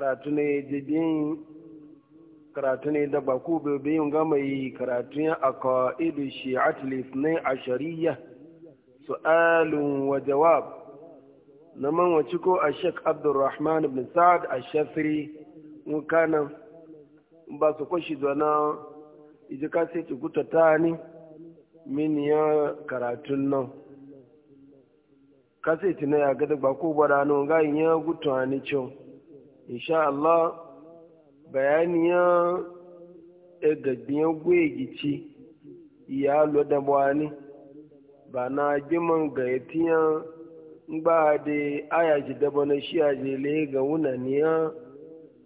karatu ne biyun karatu ne da baku biyun gama yi karatu ya aka idu shi'at lisnai a shari'a su'alun wa jawab na man wace ko a shek abdurrahman bin sa'ad a shafiri nkanan ba su kwashi zana iji ka sai guta ta ni min ya karatun nan ka sai tina ga gada ba ko gwada nan ga yin ya gutu ni cewa insha Allah bayaniyan egagbiyan gwegici ya lo da wani ba na giman gayatiyan ba da ayaji daba na shi aje le ga wunaniya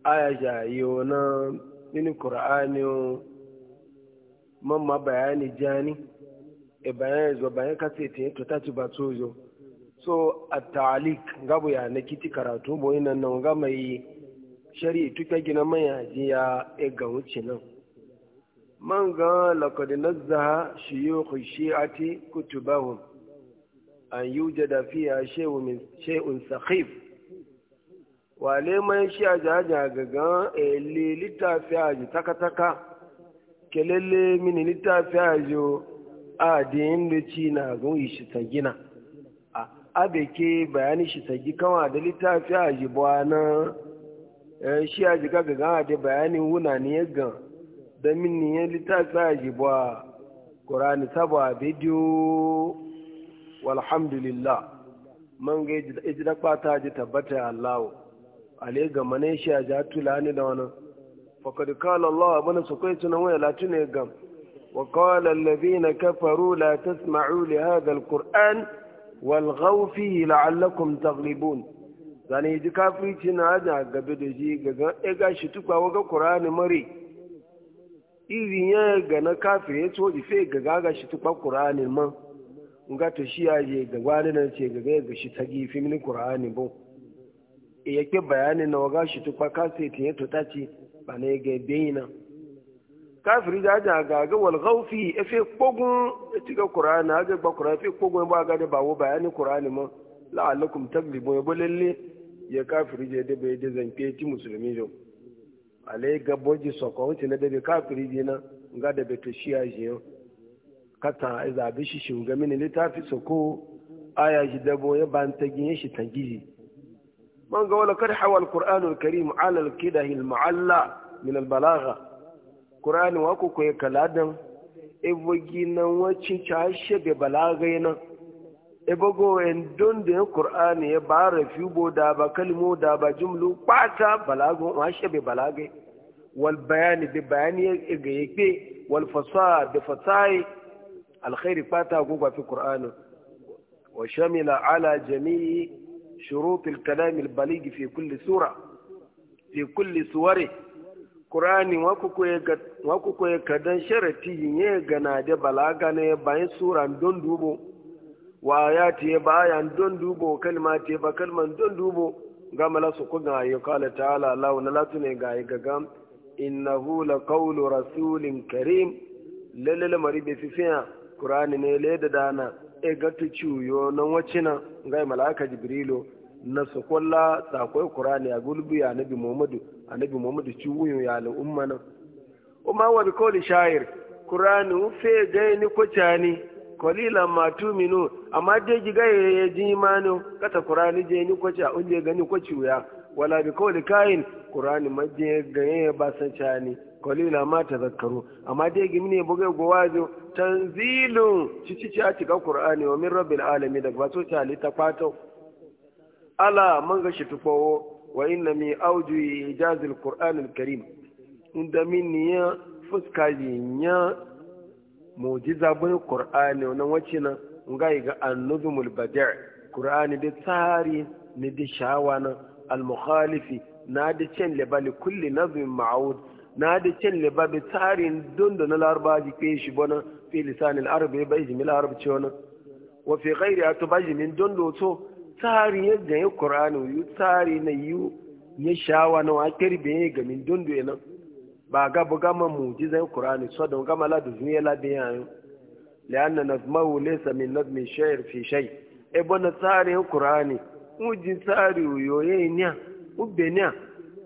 ayaja yo na mini qur'ani mamma bayani jani e bayan zo bayan kace te to ci ba tozo so a talik gabu ya na kiti karatu bo ina nan ga mai shari'a tuka gina yaji ya e ga wuce nan man ga laqad nazzaha shuyukh shi'ati kutubahum an yujada fiha shay'u min shay'un sakhif wale mai shi a jaja gaga ele litafi a ji takataka kelele mini litafi a ji a da ci na gun ishi ta gina abeke bayani shi sagi kama da littafi a jibuwa na eh, shi a jika ga gama da bayanin wuna ne ya gan da min ya littafi a jibuwa ƙorani saba bidiyo walhamdulillah man ga da kwata ji tabbata allahu ale ga mane shi a ja tulani da wani fakad kala allah abin su kai tunan waya latune gam وقال الذين كفروا لا تسمعوا لهذا القرآن walghau fihi la'allakum taghlibun zane ji kafirci na da gabe da ji gaga e gashi tukwa waga qur'ani mare iri ya ga na kafir ya to ife gaga ga shi tukwa qur'ani man nga to shi ya je ga wani nan ce gaga ga shi ta gifi mini qur'ani bo e yake bayani na waga shi tukwa kasetin ya to tace ba ne ga bayina kafiri da aja ga ga wal ghawfi efe kogun e tiga qur'ana aja ba qur'ana efe kogun e ba ga da ba wo bayani qur'ani ma la'allakum taglibu ya e bulalle ya kafiri je da bai da zanke ti musulmi jo alai ga boji soko wuce na da bai kafiri je na ga da bai to shiya je kata iza bi shi shi ga mini litafi soko aya ji da ya ban ta gin shi tangiji man ga wala kad hawal qur'anul karim ala al kidahil mu'alla min al balagha Kur'ani wa ku koyi kaladan ebogi na wacin ci hashe balaga balagai nan ebogo en don da ya Kur'ani ya ba rafi bo da ba kalmo da ba jumlu kwata balago wa bai balagai wal bayani bi bayani ya ga yake wal fasaha bi fasahi alkhairi kwata go ba fi Kur'ani wa shamila ala jami'i shurut al-kalam al fi kulli sura fi kulli suwarihi kurani kwaye kadan sharati ne gana da balaga ne bayan suran don dubo wa ya te bayan don dubo kalma te ba kalman don dubo ga mala su ku ga ya kala ta'ala Allah na latu ne ga ya gaga innahu hula qawlu rasulin karim lalala mari bai fifiya kurani ne le da dana e ga tu nan wacina ga malaka jibrilu na su kwalla sakwai qur'ani a gulbi a nabi muhammadu nabi muhammadu ci wuyo ya al'umma nan umma wa bi qawli sha'ir qur'ani fe gaini ko cani qalila ma tuminu amma dai gai ya ji imani kata qur'ani je ni ko ca unje gani ko ci wuya wala bi qawli kain qur'ani maje ya ba san cani kwalila ma ta zakaru amma dai gimi ne buga gowajo tanzilun ci ci a cika kurani wa min rabbil alamin da ba so ta li ta kwato ala manga shi tufawo wa inna mi auju ijazil qur'an al-karim inda min niya fuska nya mujiza bin qur'ani wannan wacce na nga ga an-nuzumul badi' qur'ani da tsari ne da shawana al-mukhalifi na da cin labali kulli nazmin ma'ud na da cin labali tsarin na larba ji ke shi bana fi lisanil arabi bai jimil ce wani wa fi ghairi atbaji min to tsari ya ganye Kur'anu yu tsari na yu ya shawa na wa kirbe ya gamin dundu ya nan ba ga ma muji zai Kur'anu so don gama mala da zuye la biya yu lianna nazmahu laysa min nazmi shayr fi shay e bona tsari ya Kur'ani muji tsari yo ye nya ubenya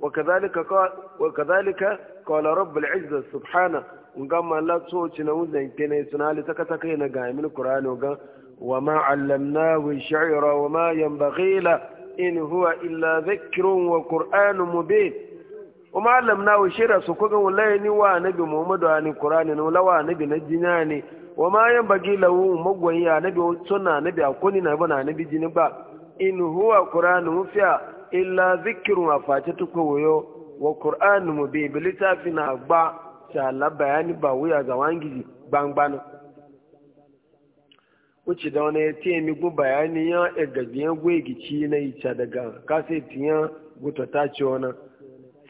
وكذلك قال وكذلك قال رب العزة سبحانه ngam Allah so ci na wuzan kene suna li taka taka yana ga min ga وما علمناه الشعر وما ينبغي له إن هو إلا ذكر وقرآن مبين وما علمناه الشعر سكوكا ولا ينوى نبي محمد عن القرآن ولا نبي نجناني وما ينبغي له مغوية نبي سنة نبي أكوني نبنا نبي جنبا إن هو قرآن مفيا إلا ذكر وفاتتك ويو وقرآن مبين بلتافنا أبا شاء الله بياني باوية زوانجي بانبانا wuce da wani ya ce mi gu bayani ya gaggabiyan gwegici na ica daga kaseti ya guta ta ce wani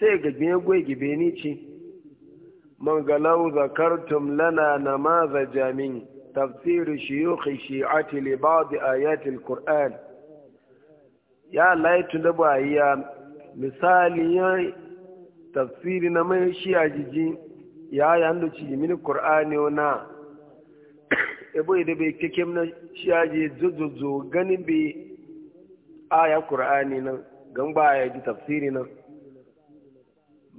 sai gaggabiyan gwegi beni ci man galau zakartum lana na maza jamin tafsiri shiyuki shi'ati li ba'di ayatil qur'an ya laitu da ba ya misali ya tafsiri na mai shi a jiji ya yandu ci mini qur'ani na ebe da bai kake na shaje zozozo ganin bai aya qur'ani nan gan ba ya ji tafsiri nan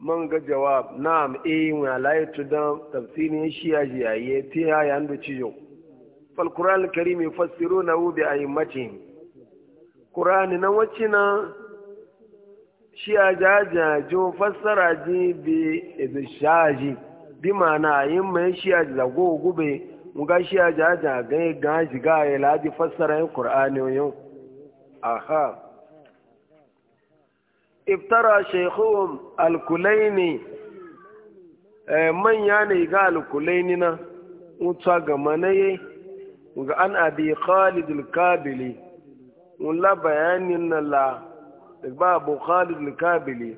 man ga jawab na'am eh wa laitu da tafsirin shaje yayi ti aya ndu ciyo fal qur'an karim yufassirunahu bi aymatihim qur'ani nan wacce na shaje jo fassara ji bi shaje eh, bi ma'ana yin mai shaje da go gube muga shi ya jaja da gaji ga ya laji fassara yin ƙur'ani yau aha iftara shaykhuhum al eh, manya ne ga al-kulaini na mutsa ga manaye ga an abi khalid kabili bayanin na la ba abu khalid al-kabili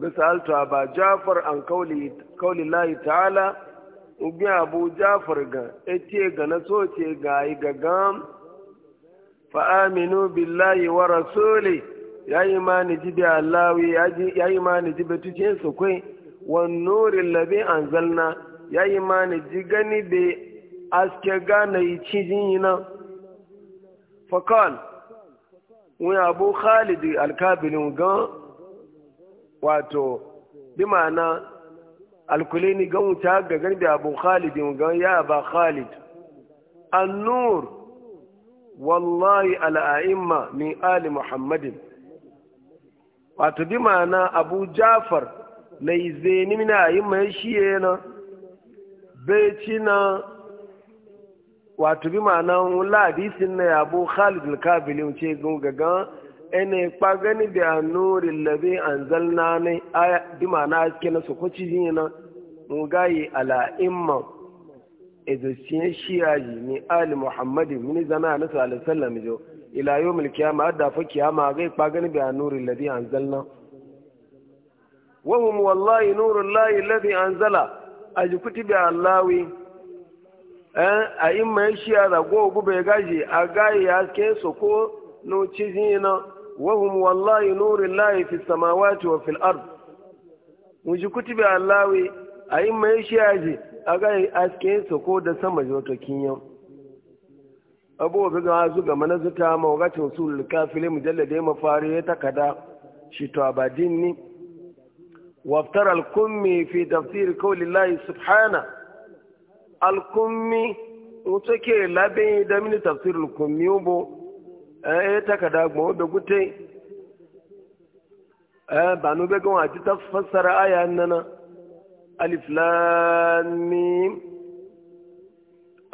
ga sa'altu aba jafar an kawai ta'ala ubi abu jafar ga ce ga na soce ga yi gagam aminu billahi wa rasuli ya yi ma ni ji da allawi ya yi ma ni ji batucin su kwai wan nurin labi an zalna ya ma ni ji gani da aske gana yi cijin yi nan fakal wani abu khalid alkabilin gan wato bi ma'ana ni gan wuta ga da abu khalidin gan ya ba khalid annur wallahi al'a'imma min ali muhammadin wato bi ma'ana abu jafar na izeni mina a'imma ya shiye na beci na wato bi ma'ana wula na abu khalid al-kabili ce gan ene kpagani bi anuri labi anzalna ne aya dimana aske na sokoci yin na ngayi ala imma ezociyen shiyaji ni ali muhammadin mini zana na sallallahu sallam jo ila yau milki ma adda fa kiyama a ipa gani bi anuri ladhi anzalna wa hum wallahi nurul lahi ladhi anzala kuti bi allawi eh a imma shiya da go gube gaji a gayi ya ke so ko no cizina wa hum wallahi nurul fi fis samawati wa fil ard kuti bi allawi a yi mai shi yaji a ga aske su ko da sama ji wata kinyan abuwa ga su ga manazuta mawagacin su lukafile mujallada ya mafari ya takada shi to abadin ni waftar alkummi fi tafsir kawai subhana alkummi wato ke labin da mini tafsir alkummi ubo eh, ya takada gbawo da gute eh, ba bai gan wajen ta fassara aya nana alif lam mim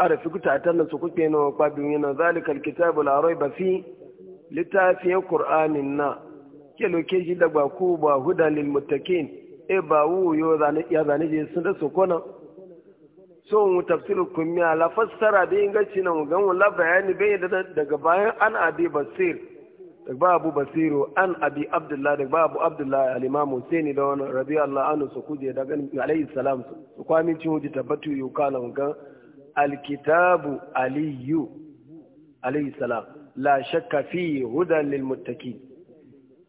arafi kuta tan su kuke no kwabin yana zalikal kitabu la raiba fi littafin qur'anin na ke loke shi da ba ku ba hudan lil muttaqin e ba wu yo ya zane je sun da su kona so mu tafsiru kummi ala fassara bi ingaci nan ga mu la bayani bai daga bayan an abi basir babu basiru an abi abdullah da babu abdullah al-imam husaini da wani rabi allah an su kuje da gani alayhi salam su kwami cin huji tabbatu yu kala ga alkitabu aliyu alayhi salam la shakka fi hudan lil muttaqin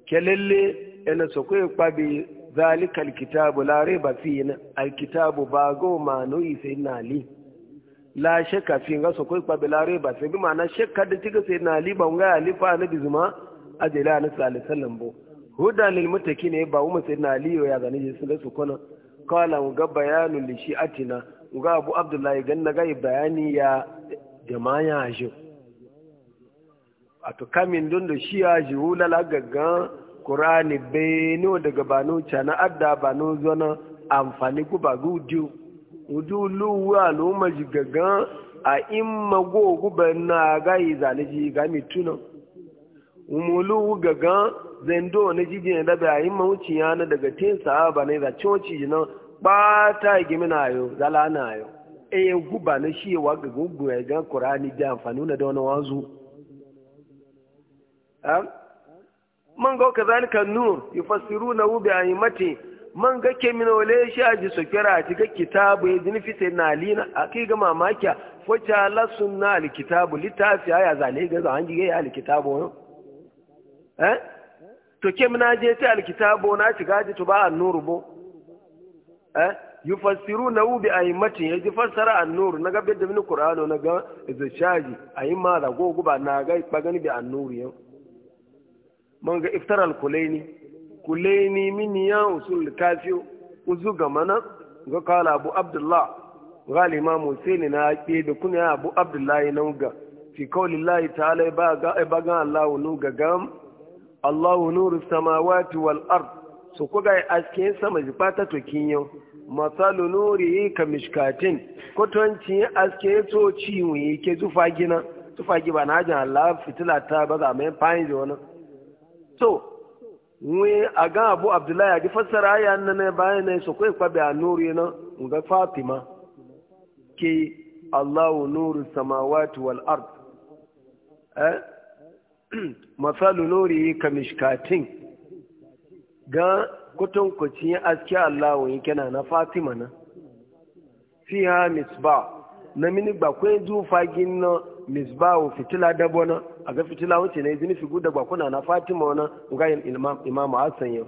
kelelle ina su kai kwabi zalika alkitabu la riba fi alkitabu bago manoi sayyidina ali la shakka fi nga so koy kwabe la reba sai bi ma'ana shakka da tiga sai na liba ba nga ali fa na zuma ajila na sallallahu alaihi wasallam bo huda lil mutaki ne ba umma sayyidina ali ya zane ji sun su kona kala ga bayanu li shi'atina ga abu abdullahi ganna ga bayani ya jama'a ajo ato kamin don da shi ajo hula la gaga qur'ani be no daga banu cana adda banu zona amfani ku ba gudu wudu luwa luma jigagan a in mago guban na gayi zalaji ga mituna umulu gagan zendo na jijin da a yin mawuciya na daga tin sahaba ne da coci nan ba ta yau, yo na yau. e guba na shi wa ga gugu ya ga qur'ani da amfani na da wani wazu am man ga kazalika nur yufassiruna bi aimati man ga ke wale shi a ji sokera a cikin kitabu ya jini fita na alina a kai ga mamakiya wacce ala sunna alkitabu littafi ya zane ga zan ji ya alkitabu wani eh to ke mina je ta alkitabu na shiga ji to ba an nuru bo eh fasiru na ubi a himmatin ya ji fassara an nuru na gabe da mini qur'ano na ga zashaji a yi ma da guba na ga ipagani bi an nuru yau man ga iftar alkulaini mini ya usul kafiyo uzu ga mana ga kala abu abdullah ga imam husaini na ake da kuna abu abdullah na ga fi kawli allah ta'ala ba ga e allah nu ga gam allahu nuru samawati wal ard su ga aske sama zifata to kinyo masalu nuri ka mishkatin tonci aske to ciwo yake zufa gina tufa gina na hajjan allah fitila ta ba za mai fahimta wani so nwe aga abu abdullahi adi fassara ya nana bayan na so kai kwabe a nuru na ga fatima ke allahu nuru samawati wal ard eh masalu nuri kamishkatin ga kutun kuci aski allahu yake na na fatima na fiha misba na mini gbakwai zufagin na misba fitila dabona a ga fitila wuce ne zini figu da bakuna na fatima wani ngayin imam hassan yau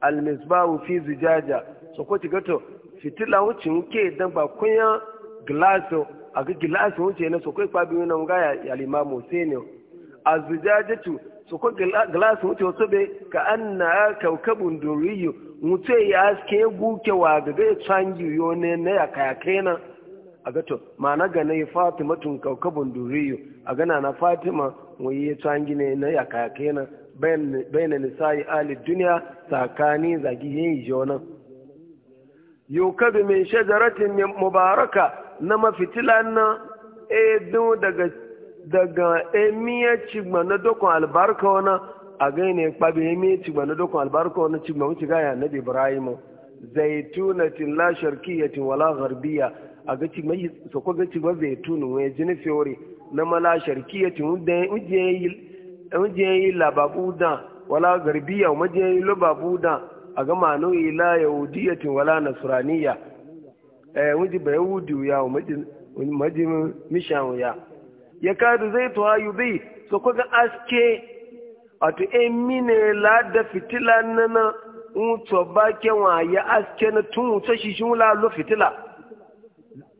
almisbahu fi zujaja so ko gato fitila wuce nke dan bakunya glaso a ga glaso wuce ne so kwabi kwa biyu na limamu al a zujaja tu so ko glaso wuce wasu be ka an na kaukabun duriyu mutu ya aske guke wa ga ga tsangi yone ne na ya kayakena a gato ma na ga fatima tun kaukabun duriyu a gana na fatima wai ya cangi ne na yakake na bayan nisa'i ali duniya tsakani zagi yin yi jona yukadu min shajaratin mubaraka na mafitila na edo daga daga emiya cigba na dokon albarka wana a gaine kpabi emiya cigba na dokon albarka wana cigba wuce gaya na ibrahim zaitunatin la sharkiyatin wala gharbiya a ga cigba sako ga cigba zaitunu wai jini fiori na mala sharkiyati wajen yi lababu da wala garbiya wajen yi lababu da a gama no ila yahudiyatin wala nasraniya eh wajen ba yahudi ya wajen mishan ya ya kadu zai tuwa yubi so ko ga aske wato en mine la da fitila nana in to ba kewa ya aske na tun wuce shi shi wula lo fitila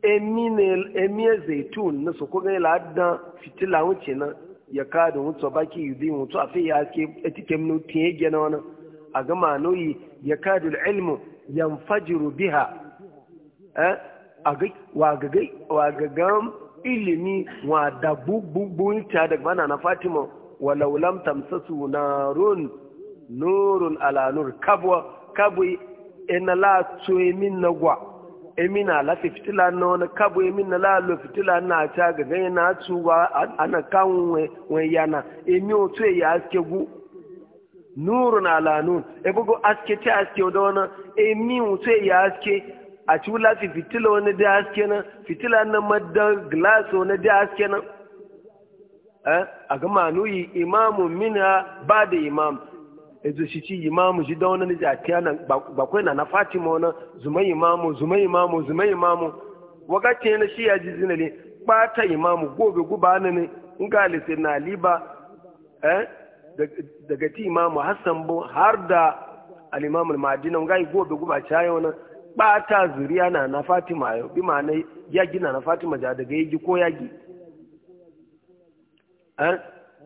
emiyar zaitun na su kuma ladan fitila wuce na ya kada wuce baki yuzi wuce a fiye haske etikem nu tiye gena wani a gama noyi ya kada ilmu yan fajiru biha e, wagagan ilimi wa da bugbun ta daga bana na fatima walau lam tamsasu narun nurun ala nur kabwa kabwi ina la tsoye min na gwa emina la fitila na na kabo emina la lo fitila na ta ga ga na tuwa ana kanwe we yana emi otu e ya aske gu na ala nun e bugo aske ta aske do na emi otu e ya aske a ci wula fitila wani da aske na fitila na madda glass wani da aske na eh? a ga manuyi imamun mina ba da imam ezo shi ci imamu shi da wani na jatiya nan na na fatima wani zuma imamu zuma imamu zuma imamu wakati na shi ya ji zina ne bata imamu gobe guba na ne in ga alisir na liba eh, daga ti imamu hassan bu har da alimamul madina in ga gobe guba cayo na bata zuriya na na fatima yau bi ma'ana yagi na na fatima ja daga yagi ko eh? yagi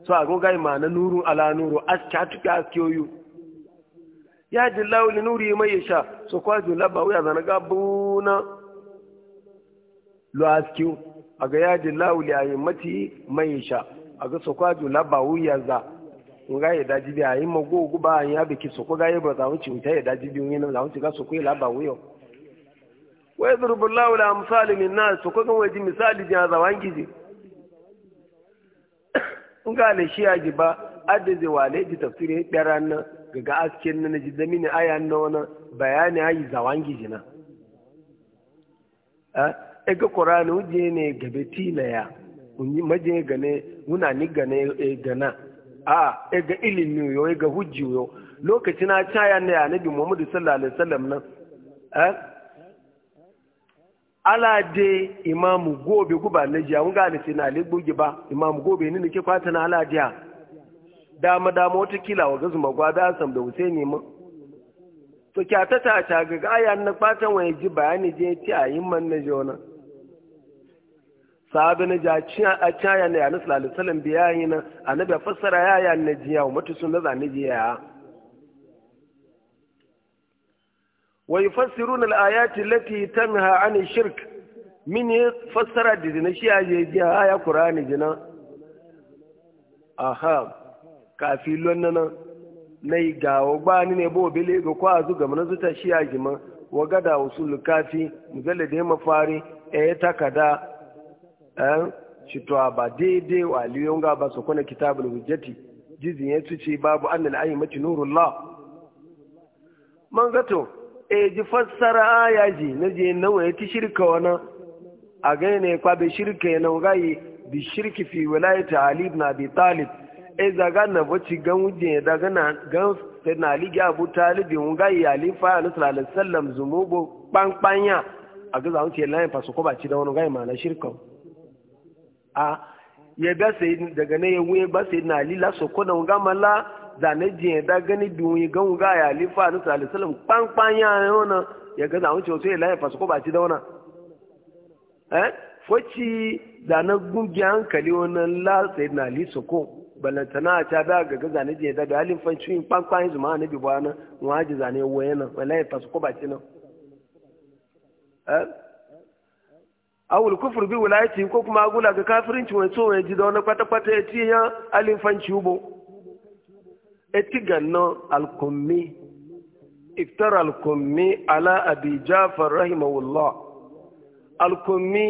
so agoga na nuru ala nuru aske atuke aske oyu ya ji lauli nuri mai sha so kwa ji laba wuya zana buna lo aske a ga ya ji lauli a yi mati mai sha a ga so kwa ji laba wuya za nga ya daji bi a yi guba a yi abiki so kwa ga yi ba za wuce wuta ya daji bi wani za wuce ga so kwa laba wuyo Wai yadrubu Allahu a misali min na so kwa ga waje misali jina azawan gizi nga ne shi yaji ba adda zai wale ji tafsiri ya ranar gaga asken na ji zami ne aya na wani bayani ayi zawangi gijina. a eh, e ga ƙorani wuje ne gabe tilaya unyi maje gane wuna ni gane ya e gana a e ga ilimi yo e ga hujji yo lokacin a caya ne annabi Muhammad sallallahu alaihi wasallam nan eh, de imamu gobe guba na jiya mun gane sai na legbogi ba imamu gobe ni ke kwata na alade ya dama dama wata kila wa gazu magwa da asam da husaini mu to kya ta ta ta ga aya na kwatan wa ji bayani je ti ayin man na jona sahabi na jaci a caya na ya nasu lalisalan biyayi na annabi fassara ya ya na jiya wa mutu sun na zane jiya ويفسرون الآيات التي تنهى عن الشرك من فسر دينا شيا يجيها آية قرآن جنا أها كافي لوننا ني غاو باني نبو بلي غوازو غمنا زوتا شيا جما وغدا وصول كافي مزل دي مفاري ايه تكدا أه شتوا با دي ديدي واليونغا با سكون كتاب الحجتي جيزي يتوشي بابو أن الأئمة نور الله من غتو e ji fassara aya ji na je nawa ya ti shirka wani a gaina ya kwabe shirka ya nan gayi bi shirki fi wilayata ali ibn abi talib e zaga na bace gan wuje daga gana gan sai na ali ga abu talib yun gayi ali fa alayhi sallallahu alaihi wasallam zumubo kpankpanya a ga zamu ce layin fasu ko ba ci da wani gayi ma na shirka a ya ga sai daga ne ya wuye ba sai na ali la so ko da ngamala da zane jiyan da gani duniya gan ga ya lifa na sallallahu alaihi wasallam kpankpan ya yana ya ga zamu cewa sai lafa su ko ba ci da wannan eh foci da na gungi hankali wannan la sayyidina ali soko balantana ta da ga ga zane jiyan da da halin fanci kpankpan yanzu ma annabi ba nan ji zane waye na wayana wallahi fasu ko ba ci nan eh awul kufur bi wilayati ko kuma agula ga kafirin ci wani so ya ji da wani kwata-kwata ya ci ya alin fanci ubo eti ganno alkummi iftara alkummi ala abi jafar rahimahullah alkummi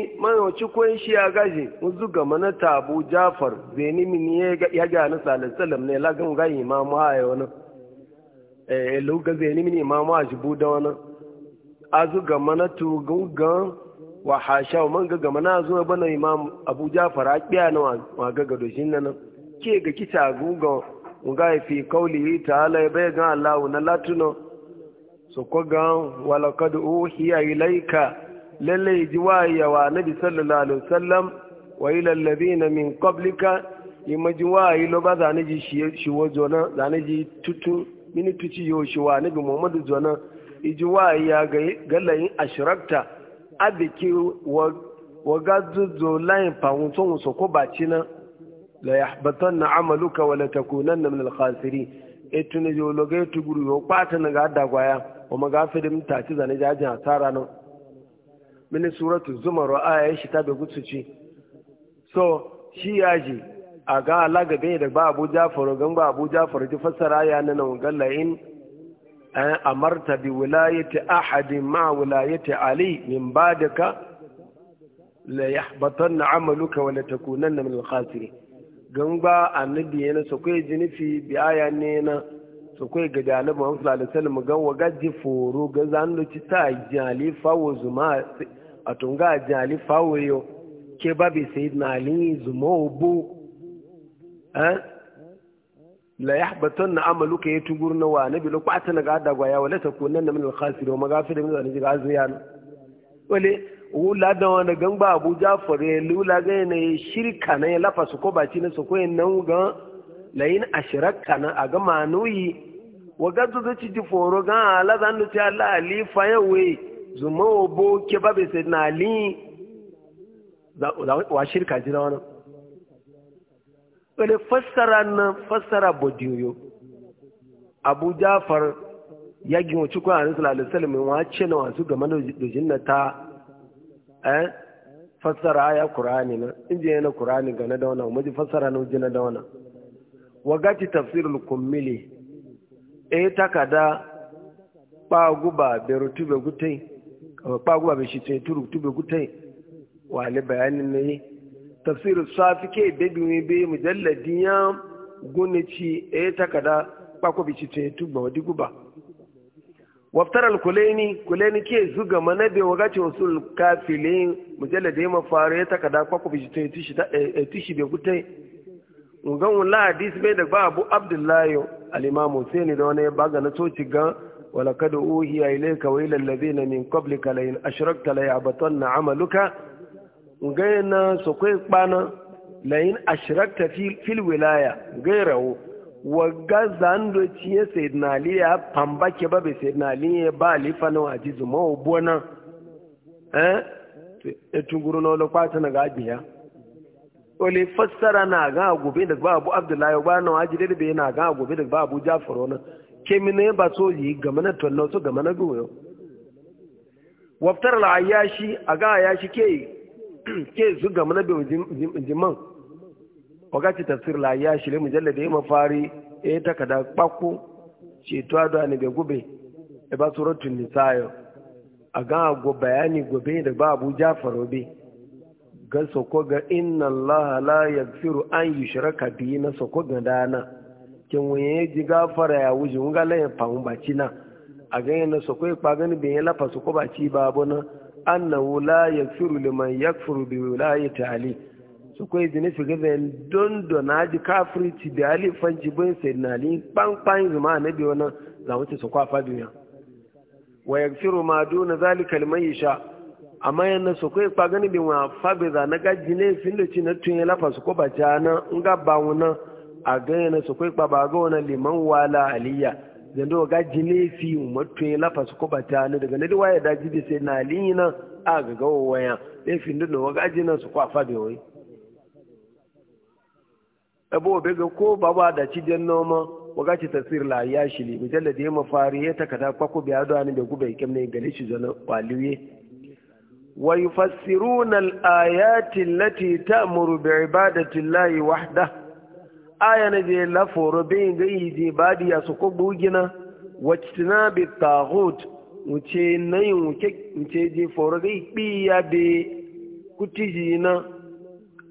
ci kun shi ya gaji muzu ga mana tabu jafar zeni min ya ga na sallallahu ne lagan ga imamu haye wani eh luga zeni min imamu a jibu buda wani azu ga mana tu gungan wa hasha man ga mana azu bana imam abu jafar a kiya na wa ga ga doshin nan ke ga kita gungan nga fi kaulihi ta'ala bai gan Allah na latuno so kwa ga wala kad uhiya ilayka lalle jiwaya wa nabi sallallahu alaihi wasallam wa ila alladhina min qablika limajiwayi lo ba za ni ji shi wojo na za ni ji tutu mini tuci yo shi wa nabi muhammadu jona ijiwayi ya ga galayin ashrakta abiki wa wa gazuzo pa pawun so ko ci na la yahbatanna amaluka wa la takunanna min al-khasirin etune jo loge tuguru yo pata na gada gwaya o maga fidim ta ci zane jajin asara nan min suratu zumar aya shi ta be gutsuci so shi yaji a ga alaga bai da ba Abu Ja'far gan ba Abu Ja'far ji fassara ya nan ga la'in amarta bi wilayati ahadin ma wilayati ali min badaka la yahbatanna amaluka wa la takunanna min al-khasirin gangba annabi yana su kai jinifi bi aya ne na su kai ga dalibu an fulani salmu gan waga gaji foro ga zanu ci ta jali fawo zuma a tunga jali fawo yo ke babi sai na ali zuma obu eh la yahbatanna amaluka ya yatugurna wa nabi lo kwata na ga dagwaya gwaya wala takunanna min al khasir wa magafir min al-azyan wale wula da wani gangba abu jafar lula ga yana shirka na ya lafa su ko baci na su ko nan ga layin ashirarka na a ga manuyi wa ga zuzu ci ji foro ga ala zan nuti ala ali fayawe zuma obo ke ba bai sai na ali wa shirka ji na wani wani fassara na fassara bodiyo abu jafar ya gina cikin a nasu lalisalmin wa ce na wasu game da jinnata Eh? fassara aya qur'ani na inji yana qur'ani ga na dauna muji fassara na na dauna? wa wagati tafsirul kummili e takada be rutube gutai guba shi bishite turutube gutai wale bayani ne tafsirul safi ke mi be mujalladiyan gunici e takada shi chite tubo di guba waftar Kuleni kulaini ke zuga manabe wagace wasu kafilin mujallar da ya mafaru ya takada kwakwa bishi tishi bai kutai ngan wula hadis bai da ba abdullahi al-imam husaini da wani baga na soci ga wala kada uhiya ilayka wa ila alladhina min qablika la in ashrakta la ya'batanna 'amaluka ngan na sokoi kpana la in ashrakta fil wilaya gairawo wagga zando ciye sayyidina ali ya pamba ke ba bai sayyidina ali ya ba alifa na waji zuma obuwa eh e tunguru na wala kwata na gaji ya wale fassara na ga gobe da ba abu abdullahi ba na waji da bai na ga gobe da ba abu jafaro na ke mine ba so yi game na tollo so game na goyo waftar al ayashi aga ayashi ke ke zu Gamana na bai jiman wakati tafsir la ya shile mujallada ya mafari e takada kpakku ce to da ne be gube e ba suratul nisayo a ga go bayani gobe da ba Abu Ja'far obe ga soko ga inna Allah la yaghfiru an yushraka bi na soko ga dana kin waye ji gafara ya wuji nga la ya famu baci na a ga yana soko ga pagani be la fa soko baci ba na annahu la yaghfiru liman yaghfiru bi wilayati ali suka yi zini shiga zai don dona ji ci da alifanci bin sayidinali kpankpan zuma na biyu wani zamuci su kwafa duniya wa ya firo ma duna zali yi sha amma yana su kai kpagani bin wa fabi za na gaji ne fin da ci na tun ya lafa su kwaba ci na in ga ba wuna a ga yana su kai kpaba ga wani liman wala aliyya zan ga gaji ne fi umartun ya lafa su kwaba ci na daga ya daji da jibi sayidinali na a ga gawa waya ɗaya fin da na wa gaji na su kwafa da wai. abu bai ga ko baba da cijen noma ci tasir la ya shili mujalla da yamma fari ya kada kwako biya da ni da gube ne gale shi zana waliye wa yufassiruna al-ayati allati ta'muru bi ibadati llahi wahda aya ne je la foro be ga je badi ya ko bugina wajtina bi taghut uce nayin uce je foro ga bi be kutijina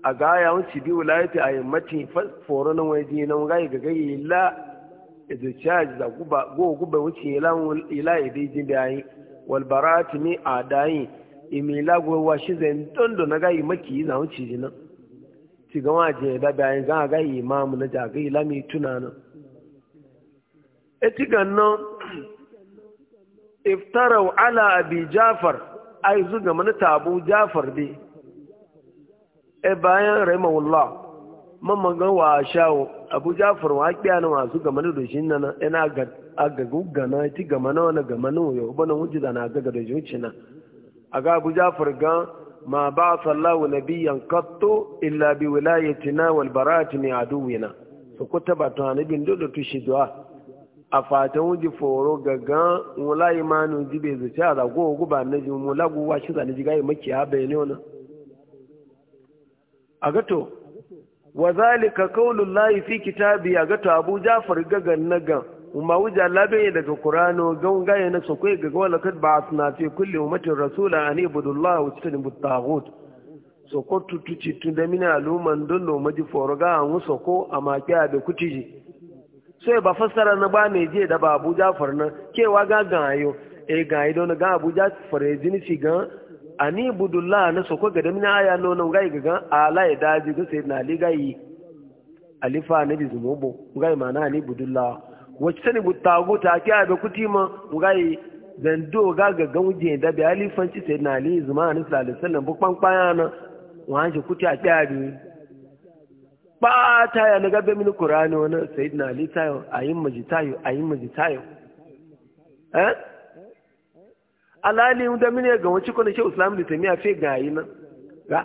a gaya ya wuce bi wulayati a yammacin foro nan waje na wuga ga ga illa da charge da guba go guba wuce ila ila ide jin da yi wal barati mi adai imila go wa shi zan dondo na ga yi maki za wuce jin nan ci ga waje da bayan ga ga imam na da ga ila mi tunana eti ganno iftarau ala abi jafar ai zuga mana tabu jafar bi. e bayan rahimahullah mamman ga wa shawo abu jafar wa kiya na masu game da doshin nan ina ga agagu gana ti gama na wani gama na yau bana wuce da na agaga da zuci na a ga abu jafar ga ma ba sallahu biyan katto illa bi wilayatina wal barati ne aduwina su ku taba tunanibin dole tushe du'a a fatan wuji foro gaga wula imanu jibe zuci a zagowa guba na ji mu laguwa shi zane ji gaye maki ha bayani wani a gato wa zalika qaulul lahi fi kitabi a gato abu jafar gagan nagan umma wuja labe daga qur'ano gaya na sokoi gaga wala kad ba'athna fi kulli ummatin rasula an ibudullah wa tajtanibut taghut so ko tutuci tunda mina aluman ji maji foroga an soko amakiya da kutiji sai ba fassara na ba ne je da ba jafar nan kewa ga gayo e gayo don ga eh, abuja jafar jini shi gan ani budulla na soko ga damina aya no gai ga ala ya daji ga sai na li gai alifa na bi zumubo gai mana ani budullah wacce sani butagu ta kiya da kutima gai zando ga ga gauje da bi alifanci sai na li zuma ni sallallahu alaihi wasallam bu kwankwana na ji kuti a kiya bi ba ta ya na gabe mini qur'ani wannan sayyidina ali tayo ayin majitayo ayin majitayo eh alali da mine ga wanci kone shi islam da tamiya fe ga yi nan ga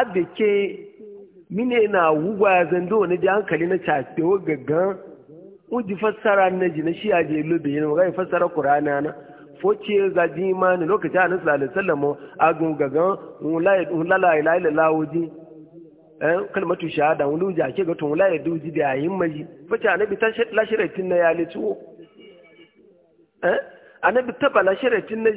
abda ke mine na wugwa ya zando wani ji hankali na cafe wa gaggan uji fassara na ji na shi a je lobe yana magana fassara kurana na foce ga ji ma ne lokaci a nasu alaihi sallama a gaggan hulala ila ila lawoji eh, kalmatu shahada wani wuji ake ga tun da duji da yayin maji foce a nabi ta lashiraitin na ya le tuwo eh anabi shirya tun na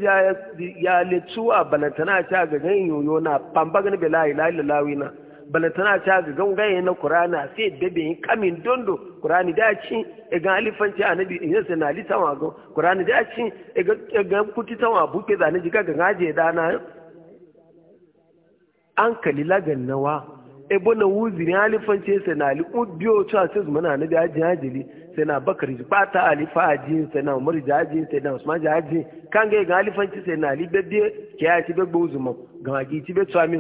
ya letuwa balantana ta ga gan yoyo na bamba gani be la ilaha illallah na balantana ta ga gan na kurana sai bebe yin kamin dondo kurani da ci e ga alifanci anabi in yasa na li tawa ga kurani da ci e ga e kuti tawa buke zane jika ga gaje dana an kalila gannawa ebo na wuziri alifance sai na ali ubiyo cewa sai zuma na nabi ajin ajili sai na bakar ji bata alifa ajin sai na umar jaji sai na usman jaji kan ga ga alifanci sai na ali bebbe ke ya ci bebbe uzuma ga gi ci be tsami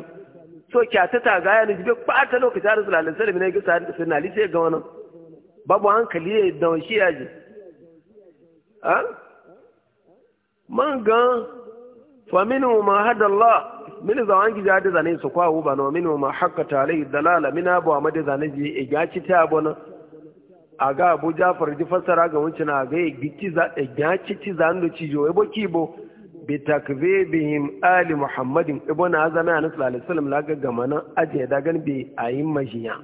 so ki ta ta ga ya ji be bata lokaci har sallallahu alaihi wasallam ne ga sai na ali sai ga wannan babu hankali ya da shi ya ji ha ah? man ga fa minhu ma hadallah min zawangi ja da zane su kwawo ba no min ma hakka tale dalala min abu amma da zane ji e gaci ta bona aga ga abu jafar ji fasara ga wancin a ga e gici za e gaci ti zan do ci jo e bo kibo bi takzibihim ali muhammadin e bona azana anas sallallahu alaihi wasallam la ga gamana aje da gan bi ayin majiya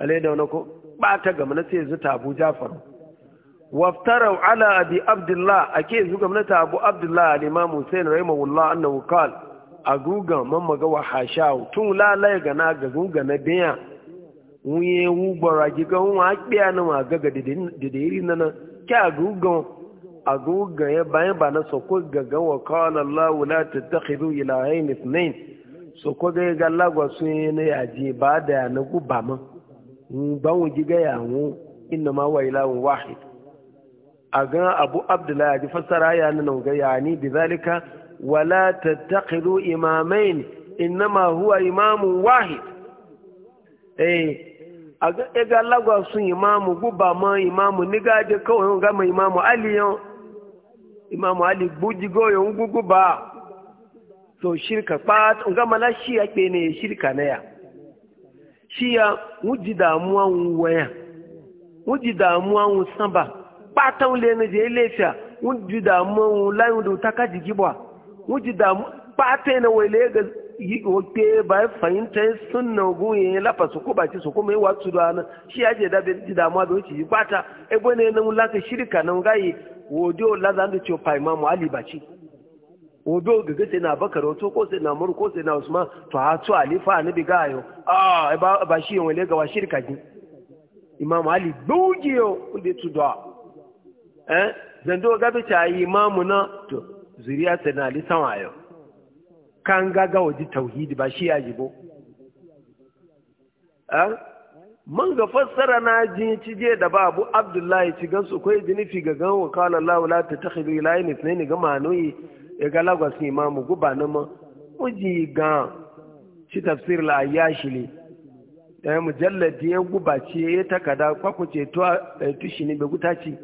alai da wani ko ba ta gamana sai ta abu jafar waftarau ala abi abdullah ake zu gamnata abu abdullah al-imam Hussein rahimahullah annahu qala a gugan mamma ga wa hashaw tun la la ga na ga guga na biya wuye wu bara gi ga wa biya na ma ga ga de de iri nan kya gugan a gugan ya bayan ba na soko ga ga wa qala allah la tattakhidu ilahayn so ko ga ga la gwa sun ne ya ji ba da na guba ma ban wu gi ga ya wu inna ma wa ilahun wahid a ga abu abdullahi ya fassara ya nan ga yani bi zalika wala tattakidu imamain innama huwa imamun wahid a ga lagwa sun imamu guba ma imamu niga je kawai ga ma imamu ali yon imamu ali buji goyo gugu ba so shirka pat ga mala shi ya na ne shirka na ya shi ya wuji damuwa waya wuji damuwa samba patan le ne je lefiya wuji damuwa layin da ta kaji gibwa wuji damu bata na wele ga wote ba fahimta sunna guye lafa su ko baci su kuma yawa su da shi ya je da ji damuwa da wuce bata e bone na mun laka shirka nan gayi wodo la zan da cewa imamu ali baci wodo gaga sai na bakar to ko sai na mur ko sai na usman to ha to ali fa annabi gayo ah ba ba shi wele ga wa shirka ji imamu ali dogiyo kuje tudwa eh zando gabe ta imam na to zuriya sai na lisan yau kan gaga waje tauhidi ba shi ya jibo man ga fassara na ji ci je da ba abu abdullahi ci gan su kai jinifi ga gan wa kala allah la tattakhidu ilahin ithnaini ga manoyi ya ga lagos imamu guba na ma uji gan ci tafsir la ayashi ne da mujalladi ya guba ce ya takada kwakuce tuwa eh, tushi ne bai guta ci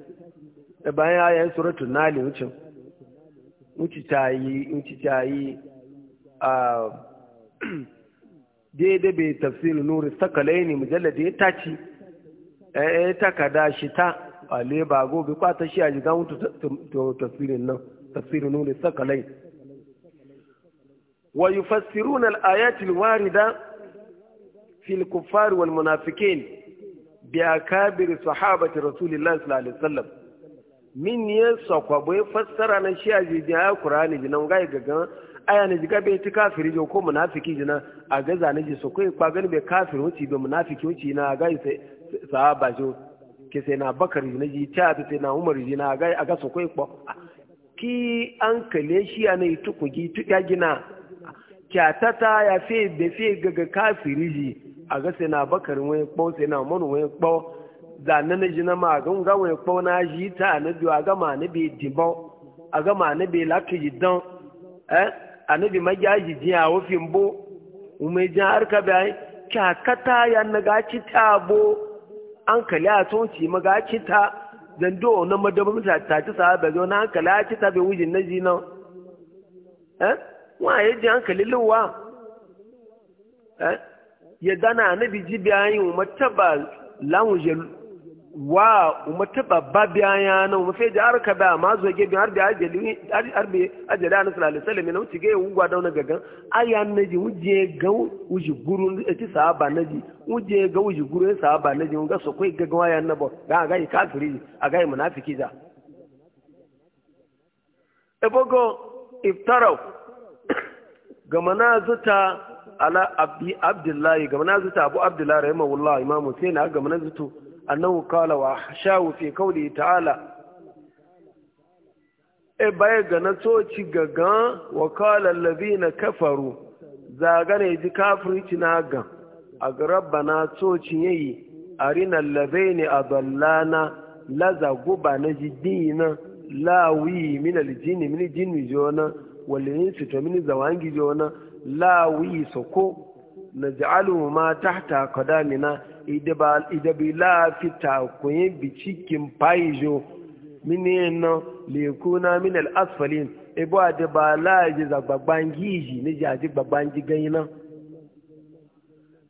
da bayan ayayin nali wucin nci ta yi nci ta yi a daidai bai tafsirin nuri sakalai ne mujallar da ya taci ya eh, eh, takada shi ta a leba gobe kwata shi a jigan wuta tafsirin nan tafsirin nuri sakalai wa yufassiruna al al warida al kuffar wal munafiqin bi akabir sahabati rasulillahi sallallahu alaihi wasallam min ye sakwabe fassara na shi a jijin ya kurani jina nga ga gagan aya na jiga bai ti kafiri jo ko munafiki jina a ga zane ji sokoyi kwa gani bai kafiri wuce bai munafiki wuce na a gai sahaba jo ke sai na bakar jina ji ta ta sai na umar jina a ga a ga sokoyi kwa ki an kale shi a na yi tukugi tuka gina kyatata ya fi bai fi gaga kafiri ji a ga sai na bakar wani kpau sai na umar wani kpau da na na jina ma ga nga wani kpɔ na ji ta na bi a ga ma na bi a ga ma na bi laki yi dɔn ɛ eh, a na bi ma ja yi diya o fi bo o ma ja har ka bɛ kya ka ta ya na ga ci ta bo an kali a tun ci ma ga ci ta zan do na ma dabam ta ta ci sa ba zo na an kali a ci ta bɛ wujin na ji na eh wa ya ji an kali lewa eh ya dana na bi ji bi an yi o ma taba lawun wa umata babba biya na umafe ji ka ba ma zo biya har da arbe ajali anu sallallahu alaihi wasallam na wuce ga ugwa dauna gagan aya naji wuje ga wuji guru eti sahaba naji wuje ga wuji guru eti sahaba naji ga so koi gagan waya na bo ga ga kafiri aga munafiki da ebogo iftaraw gamana zuta ala abdi abdullahi gamana zuta abu abdullahi rahimahullah imamu sai na gamana zutu annahu qala wa hashahu fi qawli ta'ala e baya ga na toci gaga wa qala kafaru zaga ne ji kafirci na ga a rabbana toci yayi arina allazina adallana laza guba na jidina lawi min aljinni min jinni jona wal insi to min zawangi jona lawi soko naj'alu ma tahta qadamina idabila fita kunyin bicikin fayijo mini na lekuna min al'asfalin ibu a da ba laji zagbagban giji ni jaji gbagban gigayi nan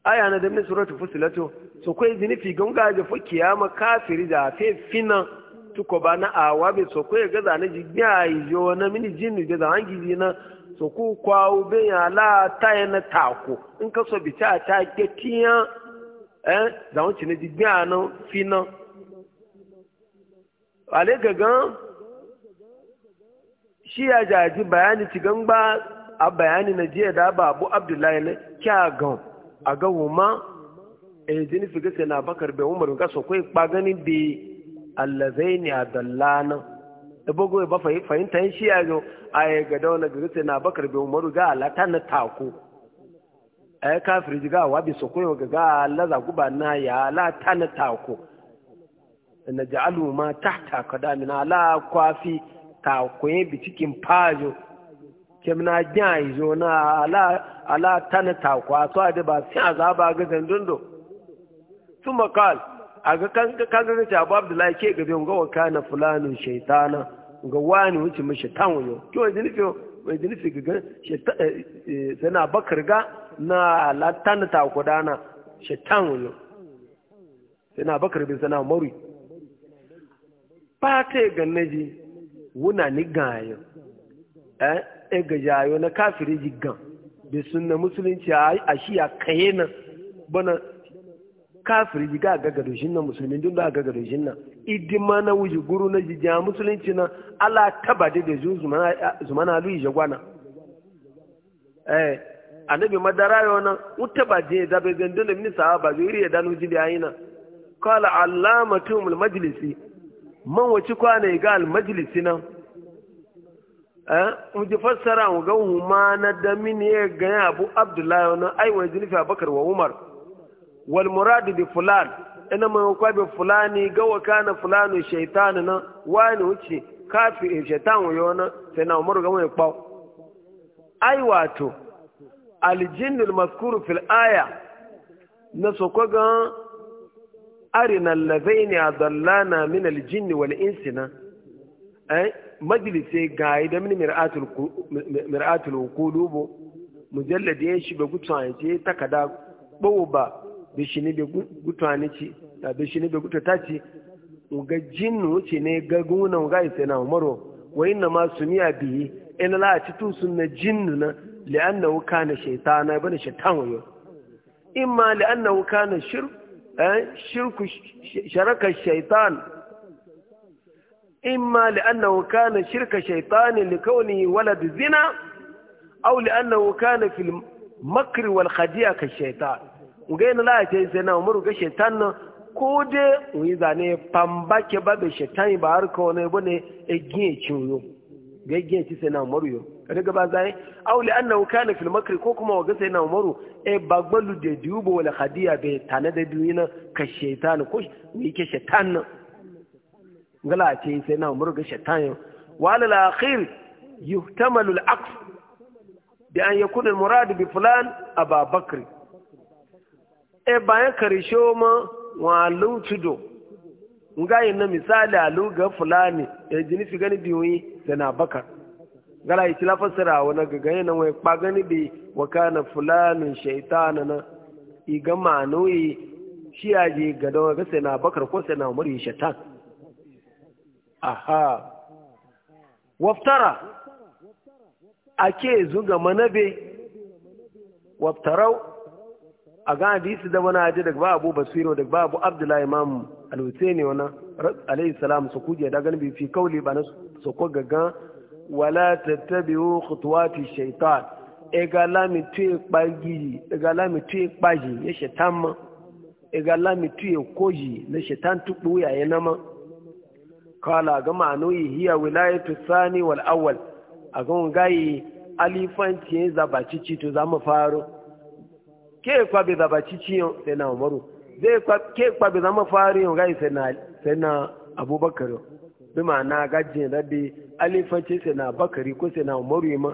aya na da min suratu fusilato su kai zini fi gunga da fuki ya ma kafiri da fe fina tuko ba na awa bi so kai gaza na jigya ijo na mini jinnu da zan giji na so ku kwawo bin ya ta na tako in ka so bi ta ta ke tiyan eh da wanci ne digga nan fina ale gagan shi ya jaji bayani cigan ba a bayani na jiya da abu abdullahi ne kya gan a ga wuma eh jini fi gasa na bakar bai umar ga so kai pagani bi allazaini adallana ebogo ba fahimta shi ya ga ay ga dauna gasa na bakar bai umar ga alata na tako ai eh, kafiri jiga wa bi sokoi ga ga Allah za guba na ya la tana ko na ja'alu ma tahta qadamina la kwafi tako yin eh, bi cikin fajo kemna jan izo na ala ala tana ta a tsawa da ba sai azaba ga zandundo kuma kal aga kan kan ga ta abu abdullahi ke gabe ga wa kana fulanu shaytana eh, ga wani wuce mu shaytan wayo to jinifi mai jinifi ga sana bakar ga na latan ta kudana shaitan yo sai na bakar bin sana maru pate ta ga naji wuna ni gayo eh e ga jayo na kafiri jigan bi sunna musulunci a shi ya kaye na, bana kafiri jiga ga gado shin nan musulmi dun da ga gado shin idima na wuji guru na jijiya musulunci na ala taba da da zuma na lui jagwana eh annabi madara yau nan wuta ba je da bai gandun da minista ba zai ya danu ji da yana kala allamatu mul majlisi man wace kwana ga al majlisi nan eh mu ji fassara mu ga huma na da ya ga abu abdullahi wannan ai wa jinfi abakar wa umar wal murad bi fulan ina mai kwa bi fulani ga wa kana fulanu shaytan nan wani wuce kafi shaytan wa yana sai na umar ga mai kwau ai wato aljinnul maskuru fil aya na soko gan arina lazaini adallana min aljinni wal insina eh majlisi gayi da min mir'atul mir'atul qulubu mujallad ya shi be gutsan ce takada bawo ba be shi ne be gutani ci da be shi ne be gutata ci ga jinnu ce ne ga gunan ga isena umaru wa inna ma sumiya bihi in la ci tu sunna jinnu na لأنه كان شيطانا بني شيطان ويو إما لأنه كان شرك شرك شرك الشيطان إما لأنه كان شرك شيطان لكونه ولد زنا أو لأنه كان في المكر والخديعة كالشيطان وقال لا يتنسينا أمره كالشيطان كودي وإذا نفنبك باب الشيطان باركونه بني إجيه تشويو ga yake ci sai daga ba zai au li annahu kana fil makri ko kuma wa gasa yana umaru e eh, bagbalu de diubo wala khadiya be tana da duniya ka shaytan ko ni ke shaytan ngala ce sai na umaru ga shaytan wala al akhir yuhtamalu al aqf bi an yakuna al murad bi fulan aba bakr e bayan karisho ma wa lutudo ngai na misali alu ga fulani e jini fi gani biyoyi sai na bakar ngala yi tilafa fasara wani gaganye na wai pagani bi kana fulanin shaitana na iga manoyi shi ya je ga don ga sai na bakar ko sai na umar yi shaitan aha waftara ake zuga manabe waftarau a ga hadisi da wani haji daga babu basiro daga babu abdullahi imam al-husaini wannan alayhi salam su kuje da ganin bi fi kauli ba na su ko gaggan wala tattabi'u khutuwati shaitan ega mi tu ikpaji ega mi tu ikpaji ya shaitan ma ega mi tu ikoji na shaitan tukpu ya yana ma kala ga ma'anu hiya wilayatu sani wal awwal a ga gayi alifanci ya zaba cici to za mu faro ke kwa bi zaba cici yau sai na umaru zai ke kwa bi zama faro yau gayi sai na abubakar bi ma'ana gajin rabbi alifanci sai na bakari ko sai na umaru ma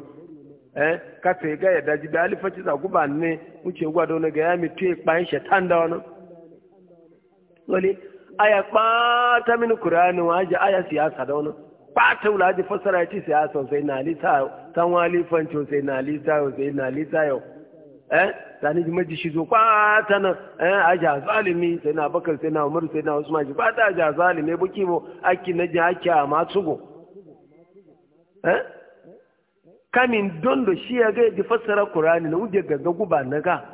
eh ka sai ga ya daji da alifanci za guba ne wuce gwado na ga ya mi tuye kpayin shaitan da wani wani aya kpata mini kurani wa aji aya siyasa da wani kpata wula aji fasara ya ci siyasa sai na alisa san wa alifanci sai na alisa yau sai na alisa yau eh sani ji maji shi zo kpata na eh aja zalimi sai na bakar sai na umaru sai na usman shi kwata aja zalimi buki mo aki na ji aki a matsugo Eh? kamin don da shi ya ga da fassara Kurani na wuje gaga guba na ga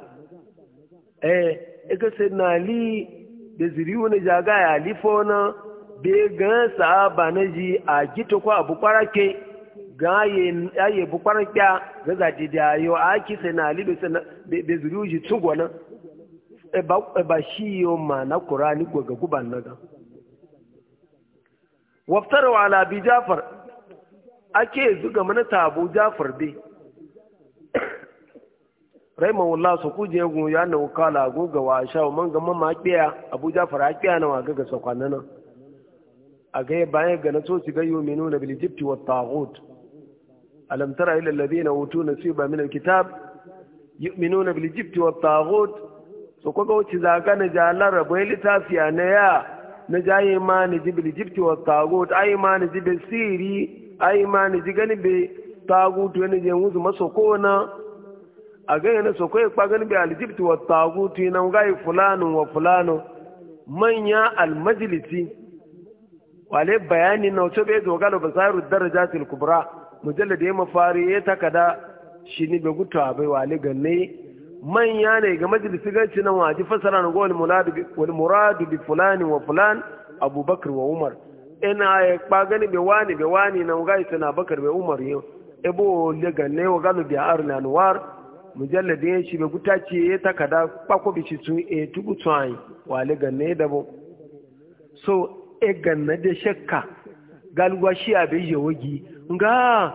eh ika sai na li da ziriyu wani jaga ya lifo na be ga sahaba na ji a gita ko abu ke ga ya yi bu kwarake ga zaje da yo a ki sai na li da ziriyu ji na ba shi yo ma na Kurani ko ga guba na ga waftarwa ala Jafar ake zuga mana tabo jafar dai raimar wula su kuje ya na wukala a goga wa sha wa man gama ma kiya abu jafar a kiya na waga ga sakwanna nan a ga ya bayan ga na so ci gayo mai nuna bil jibti wa tagut alam tara ila alladhina utu nasiba min alkitab yu'minuna bil jibti wa tagut so ko ga wuci zaga na jalar rabai litafiya na ya na jaye ma ni jibil jibti wa tagut ai ma ni jibil siri ai ma ni ji gani be tagutu ne je musu maso na a ga na so kai kwa gani be aljibtu wa tagutu na ngai fulanin wa fulanu manya almajlisi wale bayani na wato bai zo galo basairu darajatil kubra mujallad ya mafari ya takada shi ne bai gutu bai wale ganne manya ne ga majalisi ganci nan waji fasara na gowal muradu bi fulani wa fulan abubakar wa umar ina ya kpa gani bai wani bai wani na wuga ita na bakar bai umar yau ebo le ne wa galu bi ar na nuwar mujalladi ya shi be guta ce ya takada kpako bi shi tun e tubu tun wa lega da dabo so e ganna de shakka galwa shi e, a yi wagi, nga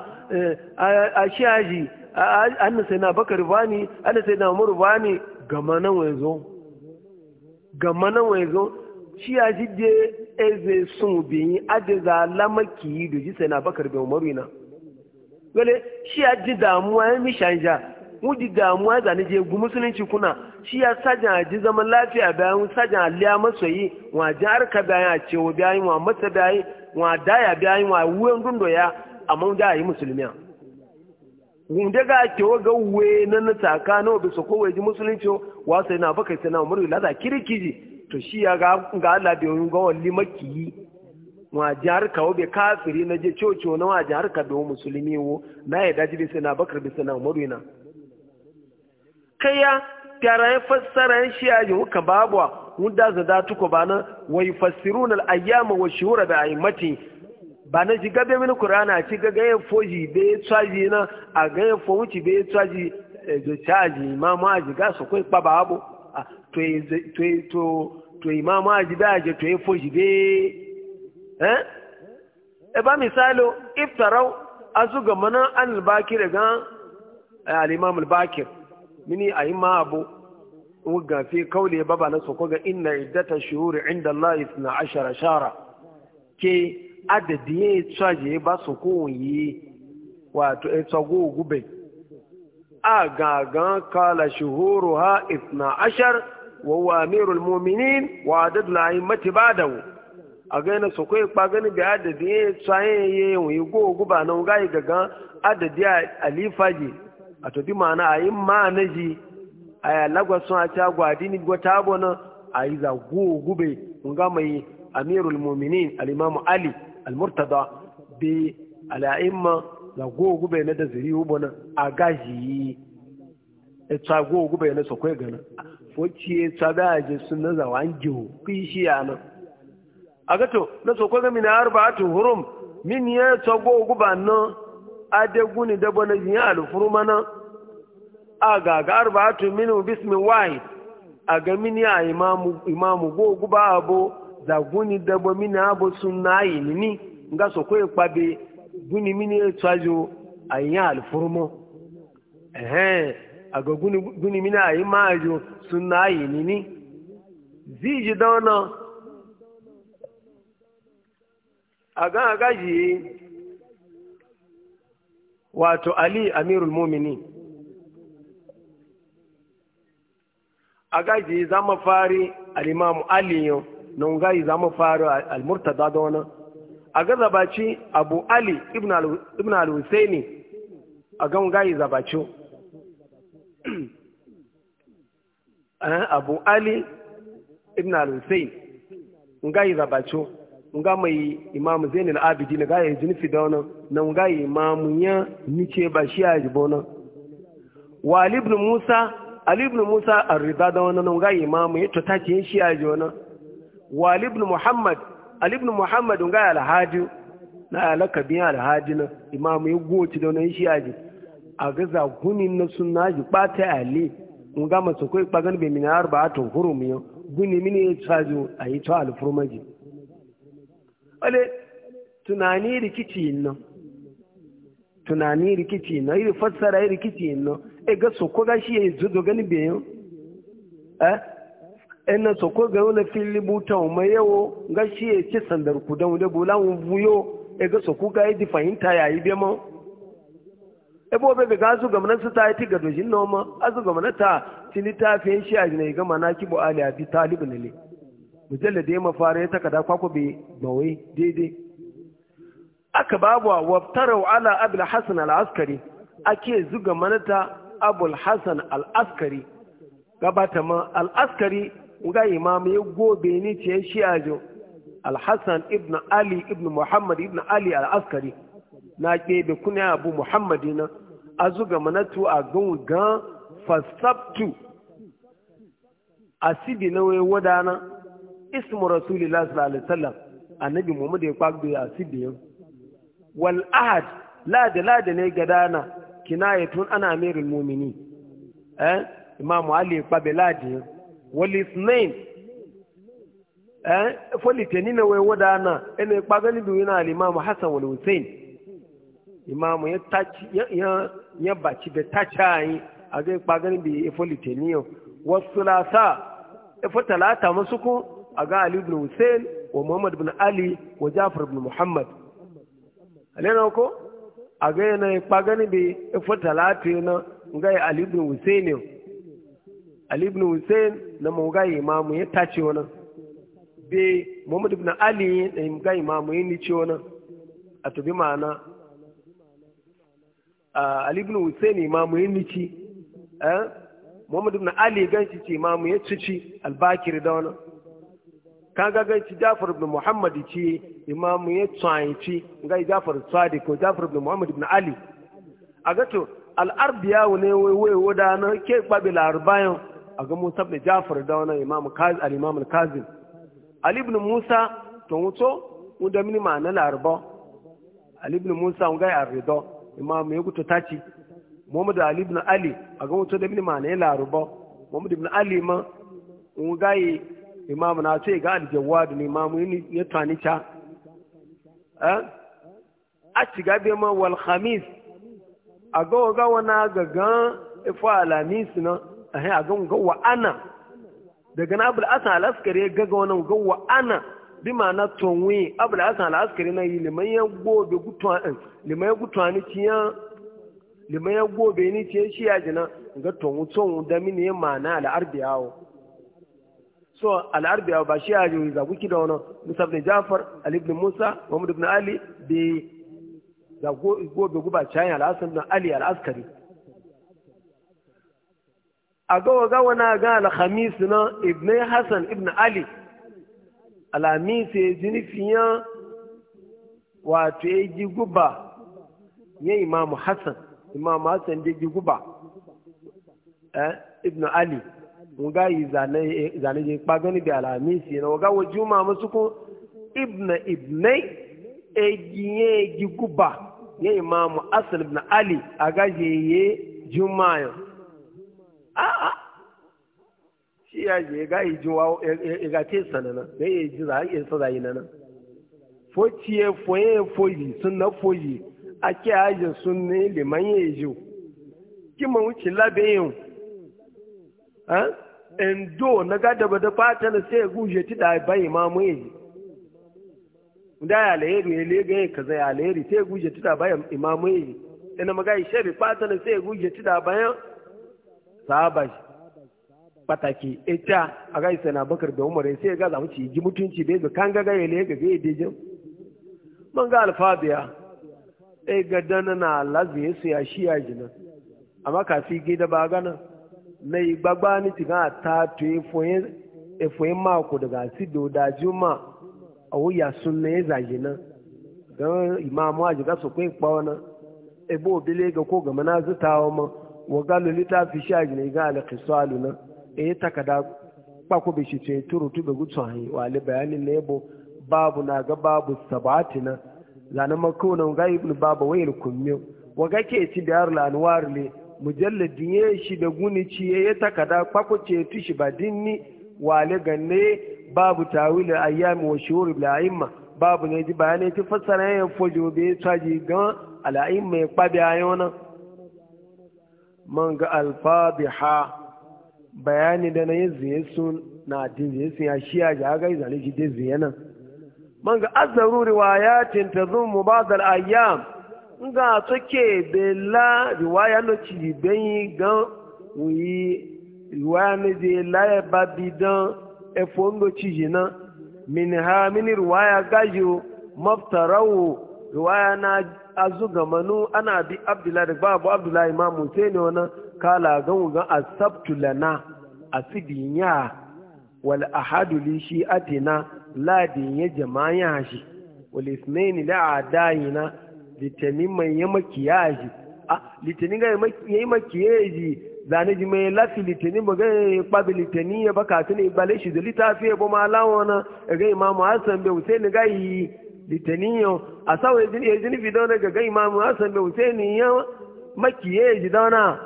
a shi aji an sai na bakar bani an sai na umar bani gama nan wai gama nan wai zo shi aji je eze sun biyi adiza lamaki yi doji sai na bakar bin umaru na gale shi ya ji damuwa ya mi shanja mu ji damuwa za zane je gu musulunci kuna shi ya sajan ji zaman lafiya bayan sajan aliya masoyi wa ji harka bayan a cewa bayan wa masa bayan wa daya bayan wa wuyan dundo ya amma da yi musulmiya gunde ga kewa ga wuwe na na tsakanin obi kowai ji musulunci wa sai na bakar sai na umaru lada kirikiji to shi ya ga Allah bai yi ga walli makiyi wa jihar kawo bai kafiri na je coco na wa jihar ka bai musulmi wo na ya daji bisa na bakar bisa na umaru ina. kai ya tara ya fassara ya shi ya yi wuka babuwa wanda za da tuko ba na wai fassiru na ayyama wa shuhura da aimati ba na ji gabe mini kurana ci ga gaya foji bai tsaji na a gaya fo wuci bai tsaji da eh, caji ma ma ji ga su kai kpa babu to to to to imama ajidaje to efo jibe eh e ba misalo iftarau azuga mana an albakir ga eh, al-imam al a yi ma abu wuga fi kauli ba na soko ga inna iddata shuhuri inda Allah 12 shara ke adadi ya tsaje ba soko yi wato e tsago gube a gagan kala shuhuruha ashar. وهو أمير المؤمنين وعدد الأئمة بعده أجينا سكوي بعدين بعدد يسعين ويجو جبا نوعي جعان عدد جي أتو دي معنى معنا ما نجي أي لغوا عديني قاعدين يقتابون أيضا جو جبي نعمي أمير المؤمنين الإمام علي المرتضى بي بالأئمة لغوا جبي ندزري وبنا أجازي اتساقوا جبي نسكوي جنا foci tsabe a je na zawan jihu yi ya nan a gato na soko kwaga na harba atu hurum min ya tsago guba nan adeguni dabo na jiyan alfurma nan a gaga harba atu minu bismin wahid a ga mini a imamu go guba abo zaguni dabo mini abo sun na yi nini nga so kwaye kwabe guni mini ya tsajo a yi alfurma ehem aga guni mini a mina ayi majo sunna ayi nini ziji dauna aga aga ji wato ali amirul mumini aga ji zama fari alimamu aliyo nan gayi zama fari almurtada dauna aga zabaci abu ali ibn al-husaini aga gayi zabacin Eh, abu ali ibn al-hussein nga yi zabacho nga mai imamu zainul abidi na gaya jini fidona na nga yi imamu ya nice ba shi a jibona wa ali ibn musa ali ibn musa arriba da wani na nga yi imamu ya to take shi a jibona wa ali ibn muhammad ali ibn muhammad nga yi alhaji na alaka biyan alhaji na imamu ya goci da wani shi a jibona a gaza gunin na suna ji ɓata ali in ga masu kai ɓagan bai mina har ba tun huru miyo guni mini ya cajo a yi ta alfurmaji ale tunani rikici nan tunani rikici nan iri fassara rikici nan e ga soko ga shi ya yi zuzo gani bai eh ina e soko ga yau na fili buta mai yau ga shi ya ci sandar kudan da bulan buyo e ga soko ga yi fahimta yayi bai mau ebo be ga su gamna su ta yi tiga dojin noma? ma azu gamna ta tini ta fe shi a jinai gama na kibo ali abi talib ne le mujalla da fara ta kada takada kwakwa bai dai daidai aka babu waftarau ala abul hasan al-askari ake zuga manata abul hasan al-askari gabata ma al-askari ga imam ya gobe ni ce shi ajo al-hasan ibn ali ibn muhammad ibn ali al-askari na kebe kuna abu muhammadina azuga manatu a gungan fasabtu asibi na wai wadana ismu rasulillah sallallahu alaihi wasallam annabi muhammad ya kwagbe asibi yau wal ahad lada lada ne gadana kinayatun ana amirul mumini eh imam ali ya kwabe lada wal isnain eh foli na wai wadana ene kwagalidu yana al imam hasan wal hussein imamu ya tachi ya ya baci da tacayi a ga pagani bi ifoliteniyo wasulasa ifo talata masuku a ga ali ibn hussein wa muhammad ibn ali wa jafar ibn muhammad alena ko a ga yana pagani bi ifo talata na ga ali ibn hussein ali ibn hussein na mu ga imamu ya tachi wannan bi muhammad ibn ali da ga imamu ya ni ce wannan a tubi ma'ana ali ibn husaini ma mu yin eh? muhammad ibn ali ganci ce ma ya cici albakir da wani kaga ganci jafar ibn muhammad ce imamu ya tsayici ga jafar sadiq ko jafar ibn muhammad ibn ali a gato al'arbiya ne wai wada na ke kwabe larabayan a ga musa ibn jafar da wani imamu kazin al-imam al ali ibn musa to wuto wanda mini ma na laraba ali ibn musa ga ya rido imam ya ta taci muhammad ali ibn ali a ga mutu da bin ma ne laruba muhammad ibn ali ma un gayi imam na ce eh? ga aljawad ne imam ne ya tani ta a ci gabe ma wal khamis a ga ga wana gaga ifa alamis na eh, a ga ga wa ana daga na abul asan alaskare gaga wannan ga wa ana bi ma'ana tonwe abul hasan al-askari na liman ya gobe gutwa gutwan liman ya ni tiya liman ya gobe ni tiya shi ya jina ga tonwu tonwu da mini ma na al-arbiyawo so al-arbiyawo ba shi ya ji za ku kida wannan musab ne jafar al ibn musa muhammad ibn ali bi za gobe guba chayan al-hasan ibn ali al-askari a ga wa ga wani ga al-khamis na ibn hasan ibn ali alhamisi zinifiyan wato ya ji guba ya imamu hassan imamu hassan ya ji guba eh, ibn ali nga yi zane je kpa gani bi na waga wa juma musu kun ibn ibnai ejiye ji guba ya imamu hassan ibn ali aga je ye juma yau a'a ah, ah. iya je ga yi jin wawo e, e, e, ga te sanana ga yi ji za yi sa zai nana fo tiye fo ye ya foyi sun na foyi yi a ke aji sun ne le man yi ji ki ma wuce labe yin ha endo na ga da fata na sai guje ti da bai ma mu yi da ya alheri ne le ga kaza ya alheri sai guje ti da bai imamu yi ina magai shari fata na sai guje ti da bayan sahabashi pataki ita a ga isa na bakar da umar sai ga zamu ci ji mutunci da ga kan gaga ne ga ga deje man ga alfabiya e ga dana na lazi su ya shi ya jina amma ka fi gida ba gana na gbagba ni ti ga ta to e foye e foye ma ko daga sido da juma awu ya sunne ya zajina dan imamu aji ga su kai pawana e bo bile ga ko ga manazitawa ma wa galu litafi shaji ga na e takada kpako bai shi ce turu tube gutsu hanyi wale bayanin na yabo babu na ga babu sabati na zane makona ga ibnu babu wayil kummiyo wa ga ke ci biyar lanwar le mujalladin ya shi da guni ci ya takada kpako ce tushi ba dinni wale ganne babu tawil ayyami wa shuhur bil a'imma babu ne ji bayanai ti fassara ya fojo be taji gan al'a'imma ya kwabi ayona Manga ga alfabiha bayani da na yi ziye sun na din ziye sun ya shi ya ja ga izani shi dai ziye nan man ga azzaru riwayatin tazummu ba'd al-ayyam ga take bela riwaya no ci ben gan wuyi riwaya na de la ya babidan e, e fondo ci jina min ha mini riwaya gajo maftarawu riwaya na azu Gamanu ana bi abdullahi da babu abdullahi imam husaini wannan kala gan gan asabtu lana asibinya wal ahadu li atina la din ya jama'a shi wal ismain la adayina litanin mai ya makiyaji a litanin ga ya makiyaji zane ji mai lafi litanin ba ga kpabi litinin ya baka tuni bale shi da litafi ya boma alawa ga imamu hasan bai husaini ga yi litinin yau a sawa ya jini fi dauna ga ga imamu hasan bai ni ya makiyaji dauna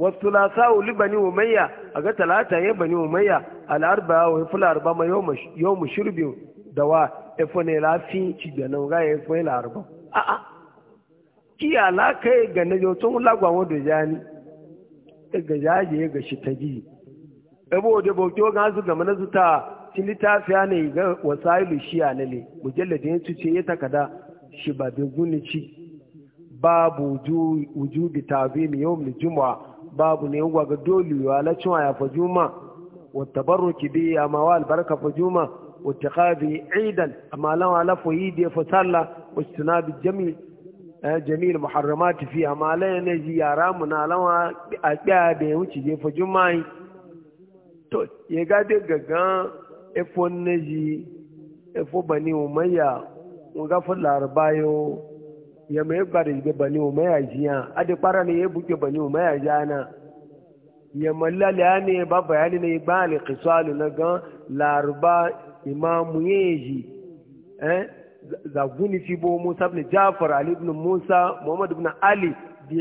والثلاثاء لبني أمية أقا ثلاثة يا بني أمية الأربعة وفي الأربعة يوم يوم شرب دواء إفن إلا في تبينا وغاية إفن الأربعة آآ كي علاقة يغنى يوتون لغوا ودجاني إغجاجي إغشتجي Ebo da bauto ga su game na zuta shi littafi ne ga wasailu shi a lale mujalladin su مجلة دين takada shi ba da gunici babu wujubi tazim yawm al-jumu'a babu ne yungwa ga dole wa la cin aya fa juma wa tabarruki bi amma wa albarka fa juma wa tiqabi eidan amma lan ala fa yidi fa salla wa istinabi jami eh, jamil muharramat fi amma lan ne ziyara yara mu na a tsaya da wuce je fa juma to ya ga de gaga efon ne ji efo bani umayya mun ga fa larbayo ya mai bari ga bani o mai ajiya da para ne ya buke bani o mai ajiya na ya mallala ya ne ba bayani ne ba na gan Laruba, imamu yeji eh zaguni fi bo musa ibn jafar ali ibn musa muhammad ibn ali bi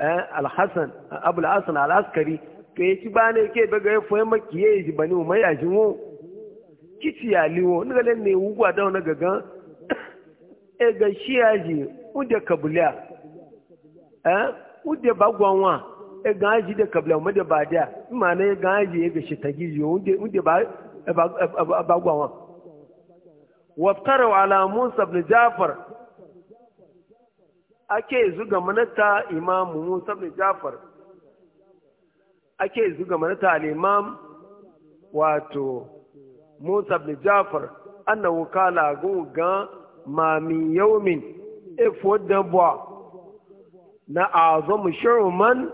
eh al-hasan abul hasan al-askari to yake ba ne ke daga ya foye maki yeji bani o mai ajin kiciya liwo ni ga ne wugwa da na gagan e eh, ga shi yaji ude kabila eh ude bagwanwa e, e ganji e de kabila mu de badia ma ne ganji e gashi e tagi yo ude ude ba bagwanwa waftaru ala musa ibn jafar ake zuga manata imam musa ibn jafar ake zuga manata al-imam wato musa ibn jafar annahu kala gunga ma min yawmin efo dabwa na azamu shirman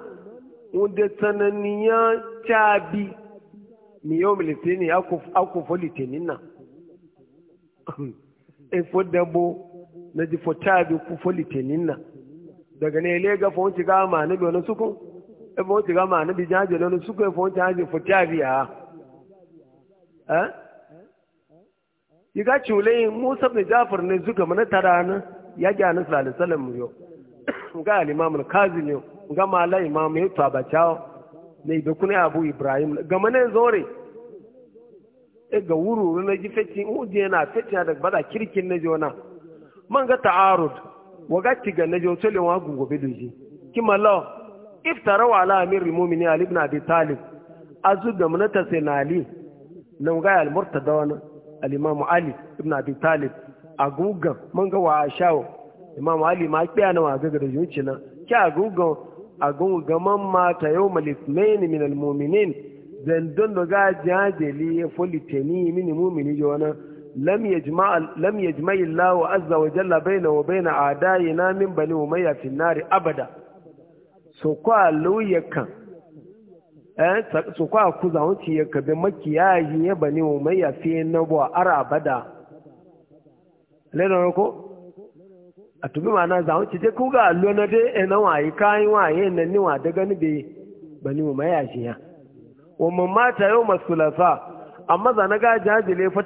wanda tsananiya cabi mi yau militini akwafo litinin na efo dabo na jifo cabi ku litinin na daga ne ile gafa wanci ga ma na biyu na suku? efo wanci ga ma na biyu jaje na sukun efo wanci haji fo cabi a eh yi ga culayin musa bin jafar ne zuka mana tara nan yake sallallahu alaihi wasallam yo ga al-imam al-kazim yo ga mala imam yo to bacao ne da kuna abu ibrahim ga mane zore e ga wuru na ji u je na fecin da bada kirkin na jona man ga ta'arud wa ga ga na jo tole wa gungo be doji kimalo iftara wa ala amir mu'mini ali ibn abi talib azu ga manata sai na ali nan ga al-murtada wa al-imam ali ibn abi talib agugan mun ga wa shawo imam ali ma kiya na wa ga da yunci na ki agugan agugan man mata yau malithnain min almu'minin dan don da ga jajeli foliteni min mu'mini jona lam yajma lam yajma illahu azza wa jalla baina wa baina adayina min bani umayya fi nari abada so kwa kan eh so kwa ku zawunci ya kabe makiyayi ya bani umayya fi nabo arabada lẹ́nu ọkọ́ àtúbí màá náà zàwọn ti jẹ́ kó gà lọ́nà dé ẹ̀nà wọn àyíká wọn àyè ẹ̀nà níwọ̀n àdẹ́gẹ́ níbi gbani wọn máa yà ṣe yàn wọn mọ̀ máa ta yóò mọ̀ sùlọ̀fà amma zana ga jajile fa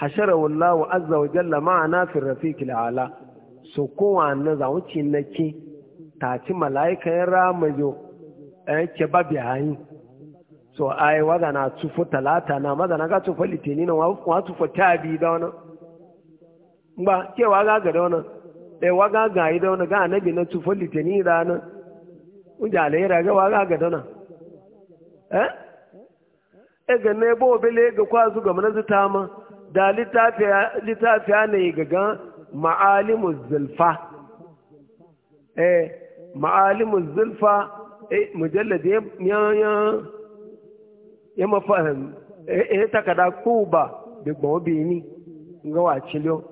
hashara wallahu wa jalla ma'ana fi rafiq al'ala so ko wannan ci ramajo so ai waga na tufo talata na maza na ga tufo litini na wa tufo tabi da wani ba ke waga ga da wani ɗaya waga ga yi da wani ga anabi na tufo litini da wani unja alayyara ga waga ga da wani eh ega ne ebe bele ga kwazu ga mana zuta ma da litafiya litafiya ne ga ga ma'alimu zulfa eh ma'alimu zulfa eh mujallad ya ya e mafahim eh takada ko ba da gbawo nga ni ga waciliyo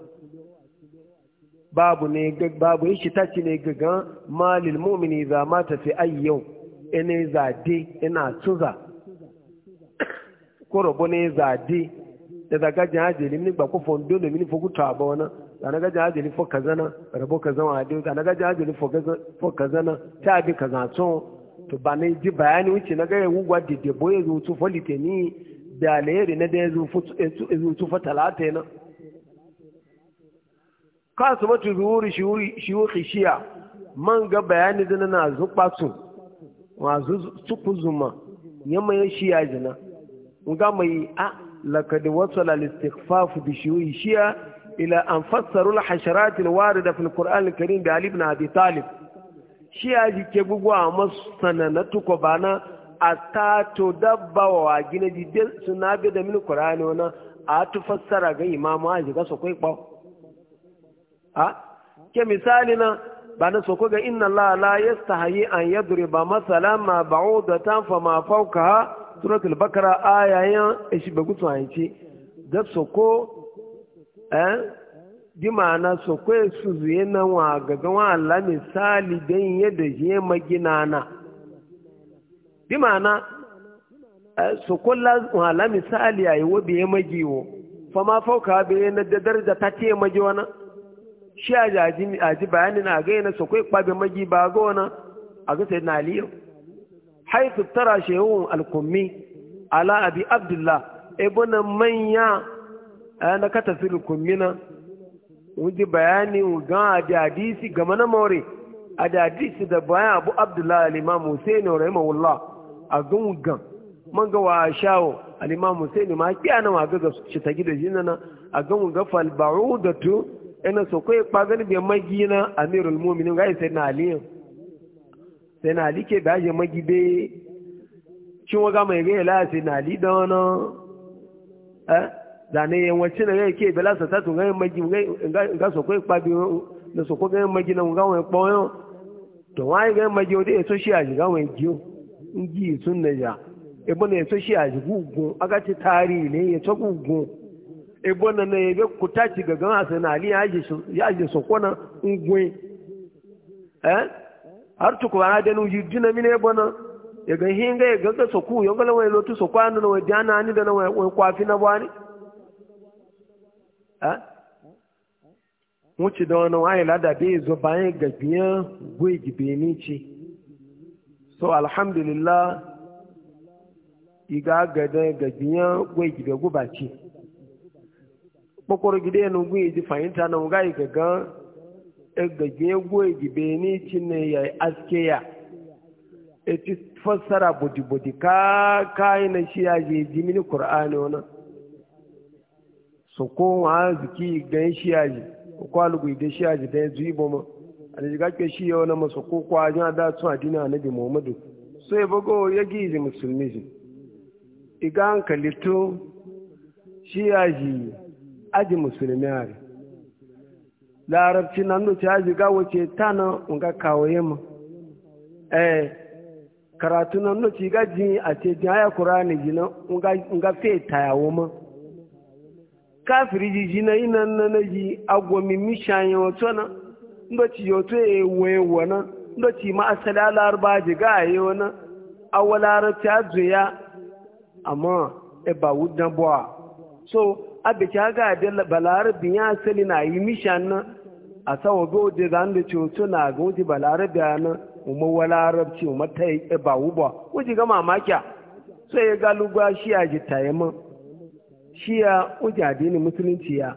babu ne babu yi ta ci ne gagan malil mumini za ma ta fi ayyau ene za de na tuza ko robo ne za de da daga jajeli ni gba ko fondo ne mini fogu tabo wani da na gaja ajali fo kazana rabo kazan wa de da na gaja ajali fo kazana ta bi kazan tun to ba na ji bayani wuce na gaya wugwa da boye zutu fa litini da alayri na da ya zutu fa talata na ka su matu zuwuri shiwuki shiya man ga bayani zana na zuɓa su su suku zuma ya mai shiya jina ga mai a ah, lakadi wasu lalistikfafu bi shiwuki shiya ila an fassarul hasharati da wari da filkur'an karim da alib na abi talib shi ya ji ke a masu sananatu ko ba na a ta to dabba wa gina jide suna bi da mini kurani wani a tu fassara ga imamu a shiga su kwai kwau a ke misali na ba na soko ga inna la la yastahi an ba masalan ma ta fa ma ha suratul bakara ayayan ishi e a ayi ce da soko eh bi ma'ana su kwe su zuye na wa gaga wa Allah misali don yadda ya magina na bi ma'ana eh, su kula wa Allah misali a yi wa biye magiwo fama fauka biye na da daraja ta ce magi wana shi a jaji a ji bayani na ga yana su kwe kwabe magi ba ga wana a ga sai na aliyu haitu tara shehun al-kummi ala abi abdullah ebonan manya eh, na katafil kummina wuji bayani gan adadisi game na more adadisi da bayan abu abdullahi al'imam husaini rahimahullah a gan gan man ga wa shawo alimamu husaini ma kiya na maga ga shi ta gida shi na a gan ga falbaru da tu ina so kai kwagan bai magi na amirul muminin ga sai na aliyu sai na ali ke baje magi be cin waga mai ga ila sai na ali da wani eh zane na ke bela sa tatu ngai magi ngai so koi kpabi na so ko na ngai won to wai ngai magi eso shi ya ebo na eso shi aji gugun aga ti tari ne ya to gugun ebo na na yebe kutaci gagan asana ali ya aji so ko na ngwe eh har tuku ana da nuji dina mine ebo na ya ga hinga ya ga so ku yo ngala wai lotu so kwanu na wai dana ani da na wuce da wani waye lada bai zo bayan ga biyan gwai gibeni ce so alhamdulillah iga gada ga biyan gwai gibe guba ce kpokoro gide yana gwai ji fahimta na wuga gaga ga biyan gwai gibeni ce ne ya aske ya e eti fassara bodi-bodi ka kayi na shi ya je jimini kur'ani wani so ko ha ziki gan shi yaji ko kwalugu da shi yaji da yanzu ibo ma alaji gake shi yau na maso ko kwa ya da tun adina annabi muhammadu so ya bago ya gizi musulmi ji iga hankali to shi yaji aji musulmi hari larabci na nuce yaji ga wace tana nga kawaye ma eh karatu na nuce ga ji a ce ji haya kurani ji na nga fe tayawo ma kafiri jiji na yi nan na ji agwami mishayen wato na ndoci yoto ya waye wana ndoci ma asali alarba ji ga yi wana awalara ta zuya amma e ba wudan buwa so abe ki haga da balarabi ya asali na yi mishan na a sawa ga oje zan da ci wato na ga oje balarabi ya na umar walarabci umar ta yi e ba wuba oje ga mamakiya so ya ga gwa shi a ji tayi man shi ya uja musulunci ya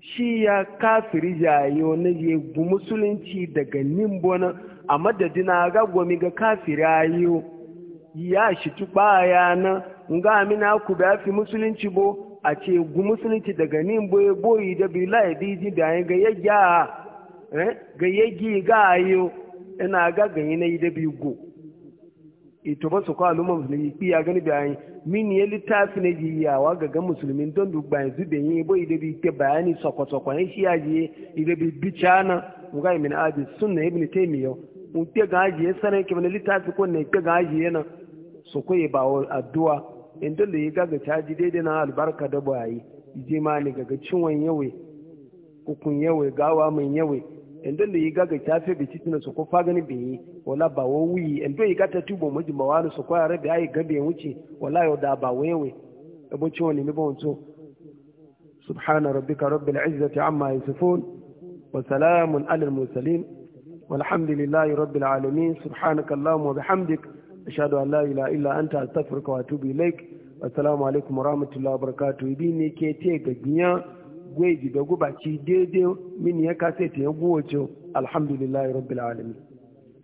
shi ya kafiri jayo na gu musulunci daga nimbona a madadina ga gomi ga kafiri ayo ya shi tuba ya na nga amina ku da fi musulunci bo a ce gu musulunci daga nimbo ya boyi da bila ya diji da ga yagya eh, ga yagi ga ayo ina ga ganyi na yi da bi go ito ba su kwa al'umma musulmi bi ya gani bayani min ya littafi na jiyawa ga ga musulmi don duk bayan da yi bo ide bi ke bayani sokosoko ya shi yi ide bi bicana muga min abi sunna ibn taymiyyah mu te ga ajiye sanai ke wani littafi ko ne ke ga ajiye nan so koyi ba addu'a in don da ya gaga caji daidai na albarka da bayi ji ma ne ga cin wan yawe hukun yawe gawa mun yawe endo le yiga ga tafe be titina so ko fagani be wala ba wo wuyi endo yi ta tubo maji jima wani su kwaya rabi ayi ai ya wuce wala yau da ba wewe ne ci woni mi bon ka subhana rabbika rabbil izzati amma yasifun wa salamun alal musalim walhamdulillahi rabbil alamin subhanaka allahumma wa bihamdik ashhadu an la ilaha illa anta astaghfiruka wa atubu ilaik assalamu alaikum wa rahmatullahi wa barakatuh ibi ne ke te gagiya gwai gibe guba ci daidai mini ya kasance ya guwace alhamdulillahi rabbil alamin